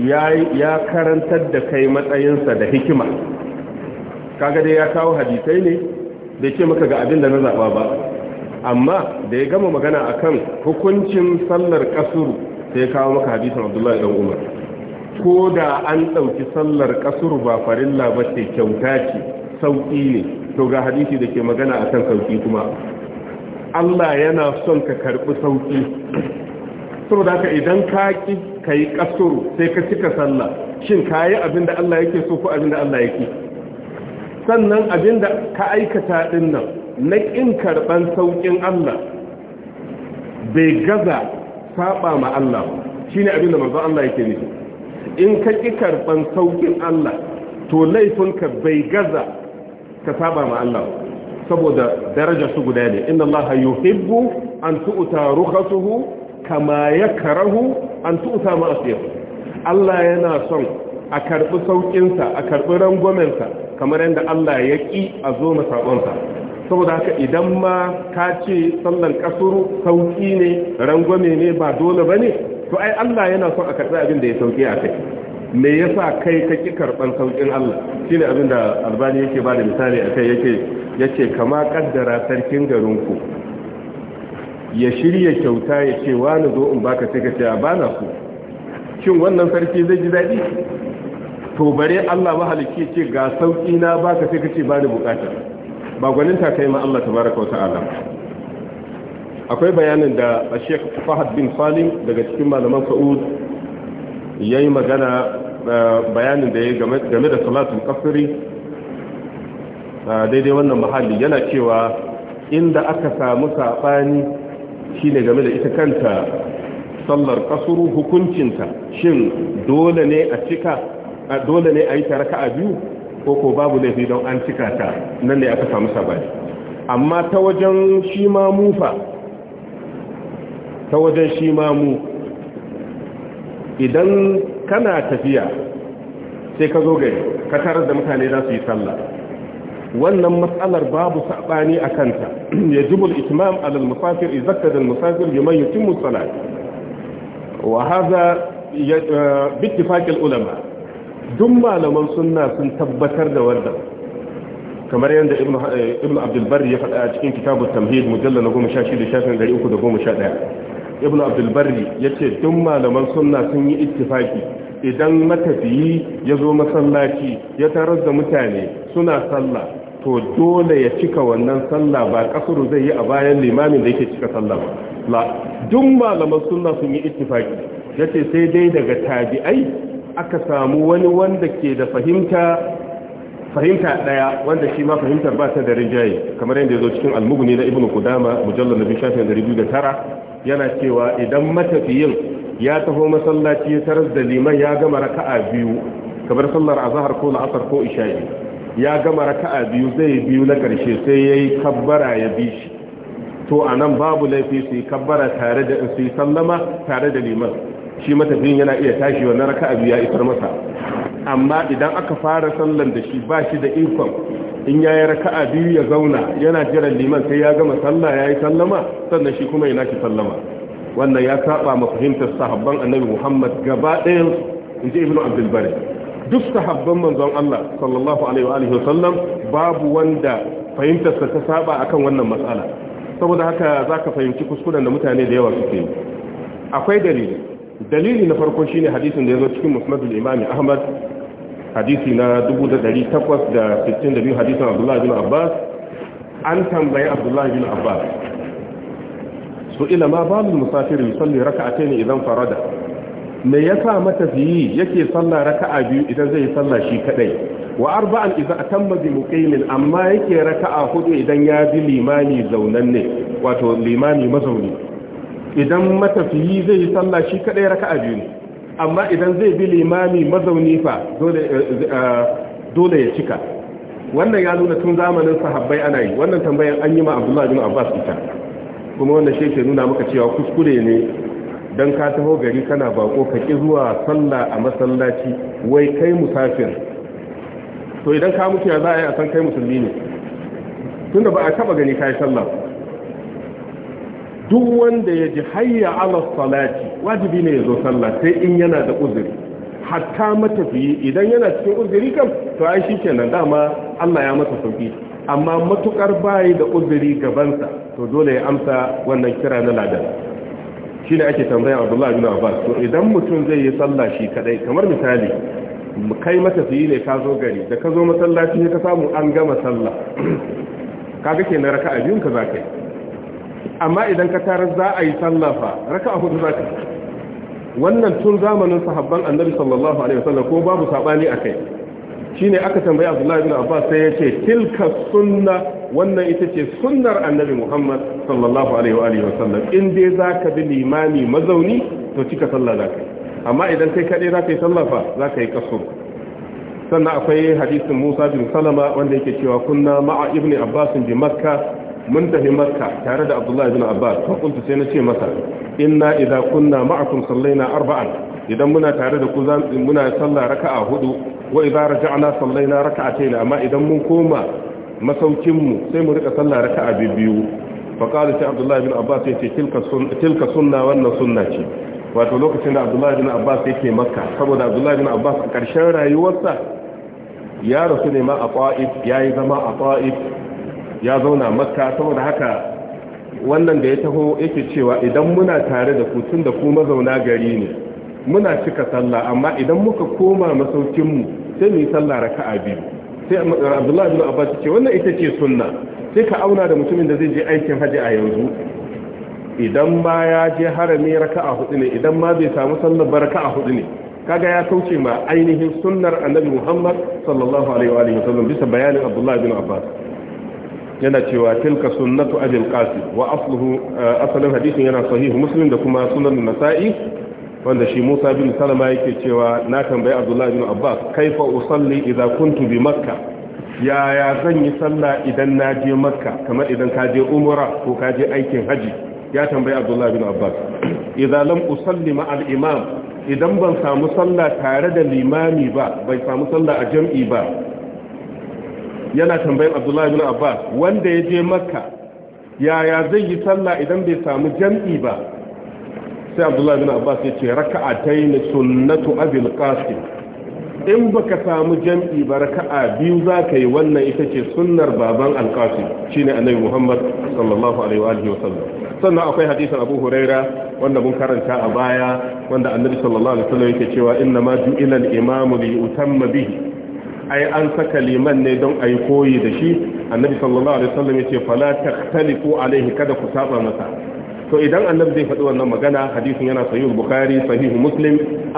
ya karantar da kai matsayinsa da hikima kaga dai ya kawo hadisai ne da ce maka ga abin da na zaɓa ba amma da ya gama magana a kan hukuncin sallar kasuru sai ya kawo maka hadisan abdullahi ɗan umar ko da an ɗauki sallar kasuru ba farilla ba ce kyauta ce sauƙi ne to ga hadisi da ke magana a kan sauƙi kuma Allah yana son ka karɓi sauƙi saboda haka idan ka ki kai kasuru sai ka cika sallah shin ka kayi abinda Allah yake so ko abinda Allah yake sannan abinda ka aikata din nan na kin karban saukin Allah bai gaza saba ma Allah shine da manzo Allah yake nufi in ka ki karban saukin Allah to laifin ka bai gaza ka saba ma Allah saboda darajar su guda ne inna Allah yuhibbu an tu'ta rukhasuhu kama ya karahu an tuta ma'asiyar Allah yana son a karɓi sauƙinsa a karɓi rangwamensa kamar yadda Allah ya ƙi a zo na saɓonsa. saboda haka idan ma ka ce sallan ƙasuru sauƙi ne rangwame ne ba dole ba ne to ai Allah yana son a karɓi abin da ya sauƙi a kai me yasa kai ka ƙi karɓan sauƙin Allah shine abin da albani yake ba da misali akai. kai yake kama ƙaddara sarkin garinku ya shirya kyauta ya ce wa na zo in baka sai ka ce ba na so shin wannan sarki zai ji daɗi to bare Allah mahalicci ce ga sauki na baka sai ka ce ba ni bukata ba ta kai ma Allah tabaraka wa ta'ala akwai bayanin da Sheikh Fahad bin Salim daga cikin malaman Saud yayi magana eh, bayanin da ya game da salatul qasri ah, daidai wannan mahalli yana cewa inda aka samu saɓani shine game da ita kanta sallar kasuru hukuncinta shin dole ne a cika dole ne a yi taraka a biyu ko ko babu laifi don an cika ta nan ne aka samu sabani amma ta wajen shi ma fa, ta wajen shi ma mu idan kana tafiya sai ka zo gari ka tarar da mutane za su yi sallah wannan matsalar babu saɓani a kanta ya jubul itimam alal musafir izakka da musafir yi mai yutin musala wa haza eh, bittifaƙil ulama duk malaman sunna sun tabbatar da wannan kamar yadda ibn eh, abdulbar ya faɗa a cikin kitabu tamhid mujalla na goma sha shida shafin gari uku da goma sha ɗaya ibn abdulbar ya ce duk malaman sunna sun yi ittifaki idan matafiyi ya zo masallaci ya tarar da mutane suna sallah to dole ya cika wannan sallah ba kasuru zai yi a bayan limamin da yake cika sallah ba la duk malaman sunna sun yi ittifaki yace sai dai daga tabi'ai aka samu wani wanda ke da fahimta fahimta daya wanda shi ma fahimtar ba ta da rijayi kamar yadda yazo cikin al-mughni na ibnu qudama mujallal nabi shafi tara yana cewa idan matafiyin ya taho masallaci ya tarar da liman ya gama raka'a biyu kamar sallar azhar ko la'asar ko isha'i ya gama raka'a biyu zai biyu na ƙarshe sai ya yi kabbara ya bi shi to a nan babu laifi su yi kabbara tare da su yi sallama tare da liman shi matafiyin yana iya tashi wannan raka'a biyu ya isar masa amma idan aka fara sallan da shi ba shi da ikon in ya yi raka'a biyu ya zauna yana jiran liman sai ya gama sallah ya yi sallama sannan shi kuma yana ki sallama wannan ya saba ma fahimtar sahabban annabi muhammad gaba ɗayan in ji ibnu abdulbari duk sahabban manzon Allah sallallahu alaihi wa sallam babu wanda fahimtarsa ta saba akan wannan matsala saboda haka zaka fahimci kuskuren da mutane da yawa suke yi akwai dalili dalili na farko shine hadisin da yazo cikin musnadul imami ahmad hadisi na 1862 hadisin abdullahi bin abbas an tambayi abdullahi bin abbas su ila ma babu musafir yusalli raka'atayn idan farada me yasa matafiyi yake sallah raka'a biyu idan zai sallah shi kadai wa arba'an idza atamma bi muqimin amma yake raka'a hudu idan ya bi limami zaunanne wato limami mazauni idan matafiyi zai sallah shi kadai raka'a biyu amma idan zai bi limami mazauni fa dole eh, eh, dole ya cika wannan ya nuna tun zamanin sahabbai ana yi wannan tambayar an yi ma Abdullah bin Abbas ita kuma wannan shi ke nuna maka cewa kuskure ne don ka taho gari kana bako ka ƙi zuwa sallah a masallaci wai kai musafir to idan ka mutu ya za a yi a san kai musulmi ne tunda ba a taba gani kai sallah duk wanda ya ji hayya ala salati wajibi ne ya zo sallah sai in yana da uzuri hatta matafiyi idan yana cikin uzuri kam to ai shi shikenan dama Allah ya masa sauki amma matukar bayi da uzuri gabansa to dole ya amsa wannan kira na ladan shi ne ake tambayan abdullahi bin abbas to idan mutum zai yi sallah shi kadai kamar misali kai matafiyi ne ka zo gari da ka zo masallaci ka samu an gama sallah kaga kenan raka'a biyun ka za ka yi. amma idan ka tarar za a yi sallah fa raka raka'a hudu yi. wannan tun zamanin sahabban annabi sallallahu alaihi wasallam ko babu sabani kai. shine aka tambayi Abdullahi ibn Abbas sai ya ce tilka sunna wannan ita ce sunnar annabi Muhammad sallallahu alaihi wa alihi wa sallam in dai zaka bi limami mazauni to cika sallah zaka amma idan kai kadai zaka yi sallah fa zaka yi kasur sannan akwai hadisin Musa bin Salama wanda yake cewa kunna ma'a ibn Abbas bi Makka mun tafi Makka tare da Abdullahi ibn Abbas fa kuntu sai na ce masa inna idza kunna ma'akum sallaina arba'an idan muna tare da ku muna sallah raka'a hudu wa na raja'na sallaina rak'atayn amma idan mun koma masaukin mu sai mu rika sallah raka'a biyu fa qala abdullahi bin abbas yace tilka sunna tilka sunna wannan sunna ce wato lokacin da abdullahi bin abbas yake makka saboda abdullahi bin abbas a ƙarshen rayuwarsa ya rasu ne ma a ta'if ya yi zama a ya zauna makka saboda haka wannan da ya taho yake cewa idan muna tare da ku tun da ku mazauna gari ne muna cika sallah amma idan muka koma masaukinmu sai mu yi sallah raka'a biyu sai abdullahi bin abbas ce wannan ita ce sunna sai ka auna da mutumin da zai je aikin haji a yanzu idan ma ya je harami raka'a hudu ne idan ma bai samu sallar ba a hudu ne kaga ya kauce ma ainihin sunnar annabi muhammad sallallahu alaihi wa alihi wasallam bisa bayanin abdullahi bin abbas yana cewa tilka sunnatu abil qasim wa asluhu eh, asalin hadisin yana sahihu muslim da kuma sunan nasa'i wanda shi Musa bin Salama yake cewa na tambayi Abdullah bin Abbas kaifa usalli idza kuntu bi Makka ya ya zan yi sallah idan na je Makka kamar idan ka je umra ko ka je aikin haji ya tambayi Abdullah bin Abbas idza lam usalli ma al imam idan ban samu sallah tare da limami ba bai samu sallah a jam'i ba yana tambayin Abdullah bin Abbas wanda ya je Makka ya ya zai yi sallah idan bai samu jam'i ba sai abdullahi bin abbas ya ce raka'atai ne sunnatu abin kasi in baka samu jam'i ba raka'a biyu za ka yi wannan ita ce sunnar baban alqasim shine annabi muhammad sallallahu alaihi wa sallam sannan akwai hadisin abu huraira wanda mun karanta a baya wanda annabi sallallahu alaihi wasallam yake cewa inna ma ju'ila al-imamu li yutamma bihi ai an saka liman ne don ayi koyi da shi annabi sallallahu alaihi wasallam yace fala takhtalifu alaihi kada ku saba masa to idan annabi zai faɗi wannan magana hadisin yana sahih bukhari sahih muslim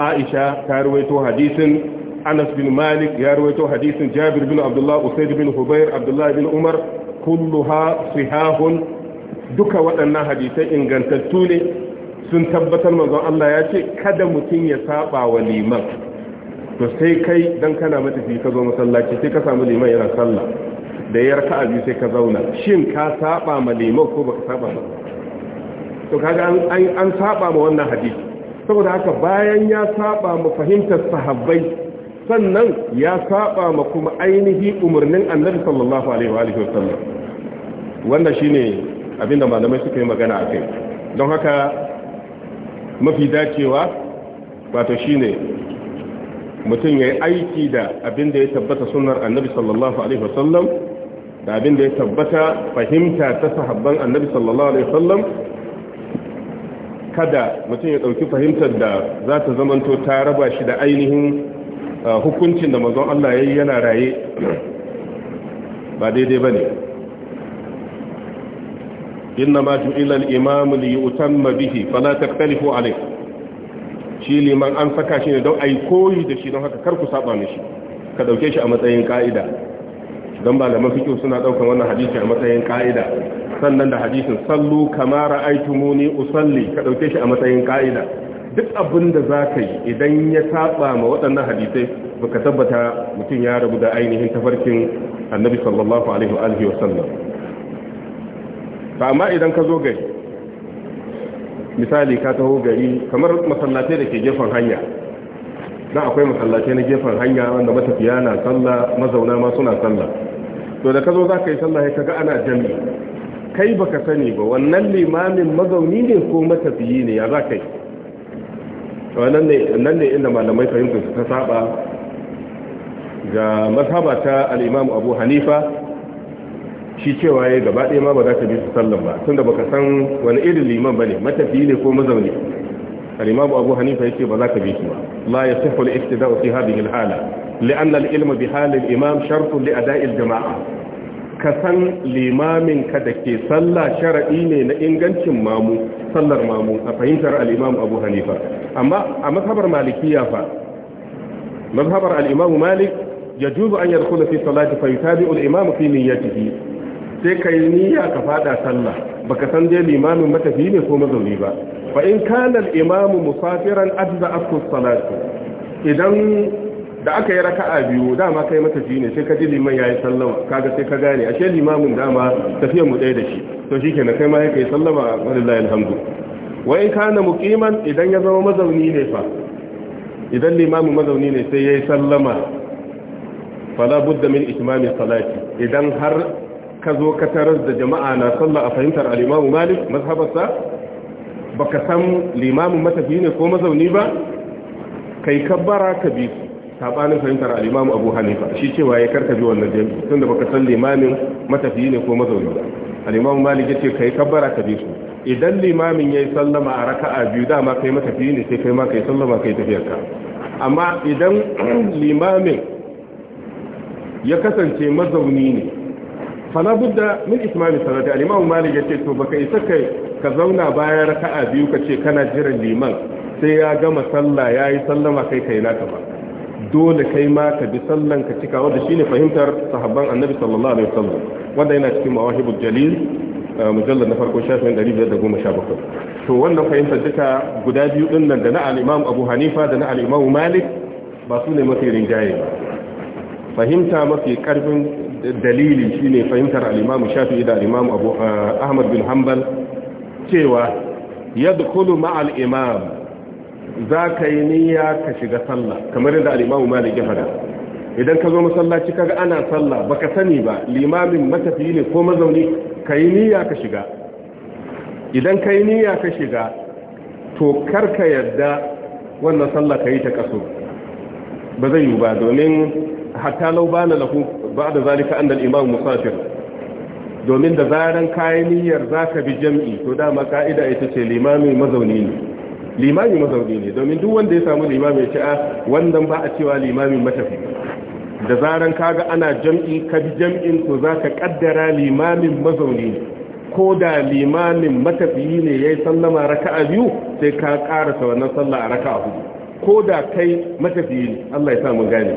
aisha ta rawaito hadisin anas bin malik ya rawaito hadisin jabir bin abdullah usayd bin hubayr abdullah bin umar kulluha sihahun duka waɗannan hadisai ingantattu ne sun tabbatar manzon Allah ya ce kada mutum ya saba wa liman to sai kai dan kana matafi ka zo masallaci sai ka samu liman yana sallah da yarka abi sai ka zauna shin ka saba ma liman ko baka saba ba to kaga an saba ma wannan hadisi saboda haka bayan ya saba ma fahimtar sahabbai sannan ya saba ma kuma ainihi umarnin annabi sallallahu alaihi wa alihi wasallam wannan shine abinda malamai suka yi magana a kai don haka mafi dacewa wato shine mutum ya yi aiki da abinda ya tabbata sunar annabi sallallahu alaihi wasallam da abinda ya tabbata fahimta ta sahabban annabi sallallahu alaihi wasallam kada mutum ya ɗauki fahimtar da za ta zamanto ta raba shi da ainihin uh, hukuncin da mazan Allah ya yi yana raye ba daidai ba ne inna ma ju'ila al-imamu li yutamma bihi fala taktalifu alai shi liman an saka shi ne don ai koyi da shi don haka kar ku saba mishi ka ɗauke shi a matsayin ka'ida don malaman kyau suna ɗaukar wannan hadisi a matsayin ka'ida sannan da hadisin sallu kama ra'aytumuni usalli ka dauke shi a matsayin ka'ida duk abin da za ka yi idan ya saba ma waɗannan hadisai baka tabbata mutum ya rabu da ainihin tafarkin annabi sallallahu alaihi wa alihi wa sallam amma idan ka zo gari misali ka taho gari kamar masallatai da ke gefen hanya dan akwai masallatai na gefen hanya wanda matafiya na sallah mazauna ma suna sallah to da ka zo za ka yi sallah ya kaga ana jami'i kai baka sani ba wannan limamin mazauni ne ko matafiyi ne ya za kai nan ne inda malamai fahimtar su ta saba ga mazhaba ta al'imamu abu hanifa shi cewa ya gaba ɗaya ma ba za ka bi su sallan ba tunda baka san wani irin liman ba ne matafiyi ne ko mazauni al'imamu abu hanifa ya ce ba za ka bi su ba la ya sifar iftida'u fi hadhihi al-hala li'anna al-ilma bi hali al-imam shartun li ada'il jama'a ka san limaminka da ke sallah shara'i ne na ingancin mamu sallar mamu a fahimtar al'imamu abu hanifa amma a mazhabar malikiya fa mazhabar al'imamu malik ya juzu an yadda kula fi salati fa yutabi al'imamu fi niyyatihi sai ka yi niyya ka fada sallah baka san dai limamin matafi ne ko mazauni ba fa in kana al'imamu musafiran adda asku salatu idan da aka yi raka'a biyu dama kai mata ji ne sai ka ji liman yi sallama kaga sai ka gane ashe limamin dama tafiyar mu ɗaya da shi to shi ke na kai ma sai kai sallama wallahi alhamdu wa in kana muqiman idan ya zama mazauni ne fa idan limamin mazauni ne sai ya yi sallama fala budda min itmami salati idan har ka zo ka tarar da jama'a na sallah a fahimtar al-imamu malik mazhabarsa baka san limamin matafi ne ko mazauni ba kai kabbara ka bi sabanin fahimtar al Abu Hanifa shi cewa ya bi wannan tun da baka san limamin matafiyi ne ko mazauni ba malik ya ce ka yi kabbara ka bi su idan limamin ya yi sallama a raka'a biyu dama kai matafiyi ne sai kai ma yi sallama kai tafiyarka amma idan limamin ya kasance mazauni ne fala budda min ismami salati al malik ya ce to baka isa kai ka zauna bayan raka'a biyu ka ce kana jiran liman sai ya gama sallah ya yi sallama kai kai naka ba dole kai ma ka bi sallan ka cika wanda shine fahimtar sahabban annabi sallallahu alaihi wasallam wanda yana cikin mawahibul jalil uh, mujallad na farko shafin 517 to wannan fahimtar duka guda biyu din nan da na al-imam Abu Hanifa da na al-imam Malik ba su ne mafi rinjaye fahimta mafi karfin dalili shine fahimtar al-imam Shafi'i da al-imam Abu uh, Ahmad bin Hanbal cewa yadkhulu ma'al imam za ka yi niyya ka shiga sallah kamar yadda al'imamu da ke fada idan ka zo masallaci kaga ana sallah baka sani ba limamin matafiyi ne ko mazauni ka yi niyya ka shiga idan ka yi niyya ka shiga to kar ka yarda wannan sallah ka yi ta kaso ba zai yi ba domin hatta lau ba na lahu ba da zalika an al'imamu musafir domin da zaran kayan niyyar za ka bi jam'i to dama ka'ida ita ce limamin mazauni ne limami mazauni ne domin duk wanda ya samu limami ya ce a ah, wannan ba a cewa limamin matafi da zaran kaga ana jam'i ka bi jam'in to za ka kaddara limamin mazauni ne ko da limamin matafiyi ne ya yi sallama a biyu sai ka karasa wannan sallah a raka'a hudu ko da kai matafiyi ne Allah ya sa mu gane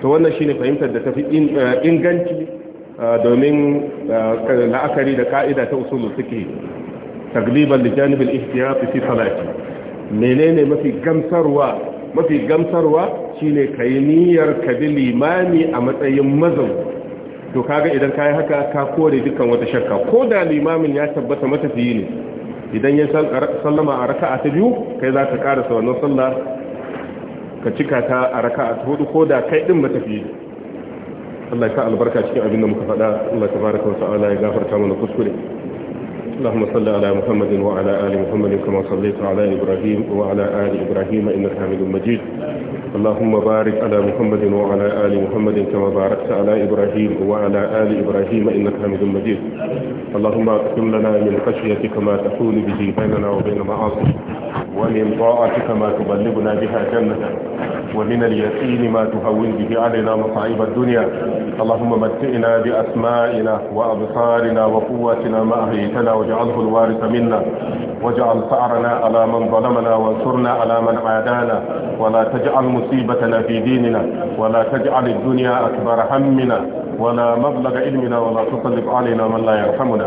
to wannan shine fahimtar da tafi eh, inganci eh, domin eh, la'akari da ka'ida ta usulul suke تقليبا لجانب الاحتياط في ihtiyat menene mafi gamsarwa mafi gamsarwa shine kai niyyar ka bi limami a matsayin mazan to kaga idan kai haka ka kore dukkan wata shakka ko da limamin ya tabbata matafiyi ne idan ya sallama a raka'a ta biyu kai za ka sa wannan sallah ka cika ta a raka'a ta hudu ko da kai din matafiyi Allah ya ka albarka cikin abin da muka faɗa Allah ta baraka wa ta'ala ya gafarta mana kuskure اللهم صل على محمد وعلى آل محمد كما صليت على إبراهيم وعلى آل إبراهيم إنك حميد مجيد اللهم بارك على محمد وعلى آل محمد كما باركت على إبراهيم وعلى آل إبراهيم إنك حميد مجيد اللهم اقسم لنا من خشيتك ما تحول به بيننا وبين معاصيك ومن طاعتك ما تبلغنا بها جنتك ومن اليقين ما تهون به علينا مصائب الدنيا اللهم متئنا بأسمائنا وأبصارنا وقواتنا ما أهيتنا واجعله الوارث منا واجعل ثأرنا على من ظلمنا وانصرنا على من عادانا ولا تجعل مصيبتنا في ديننا ولا تجعل الدنيا أكبر همنا ولا مبلغ علمنا ولا تطلب علينا من لا يرحمنا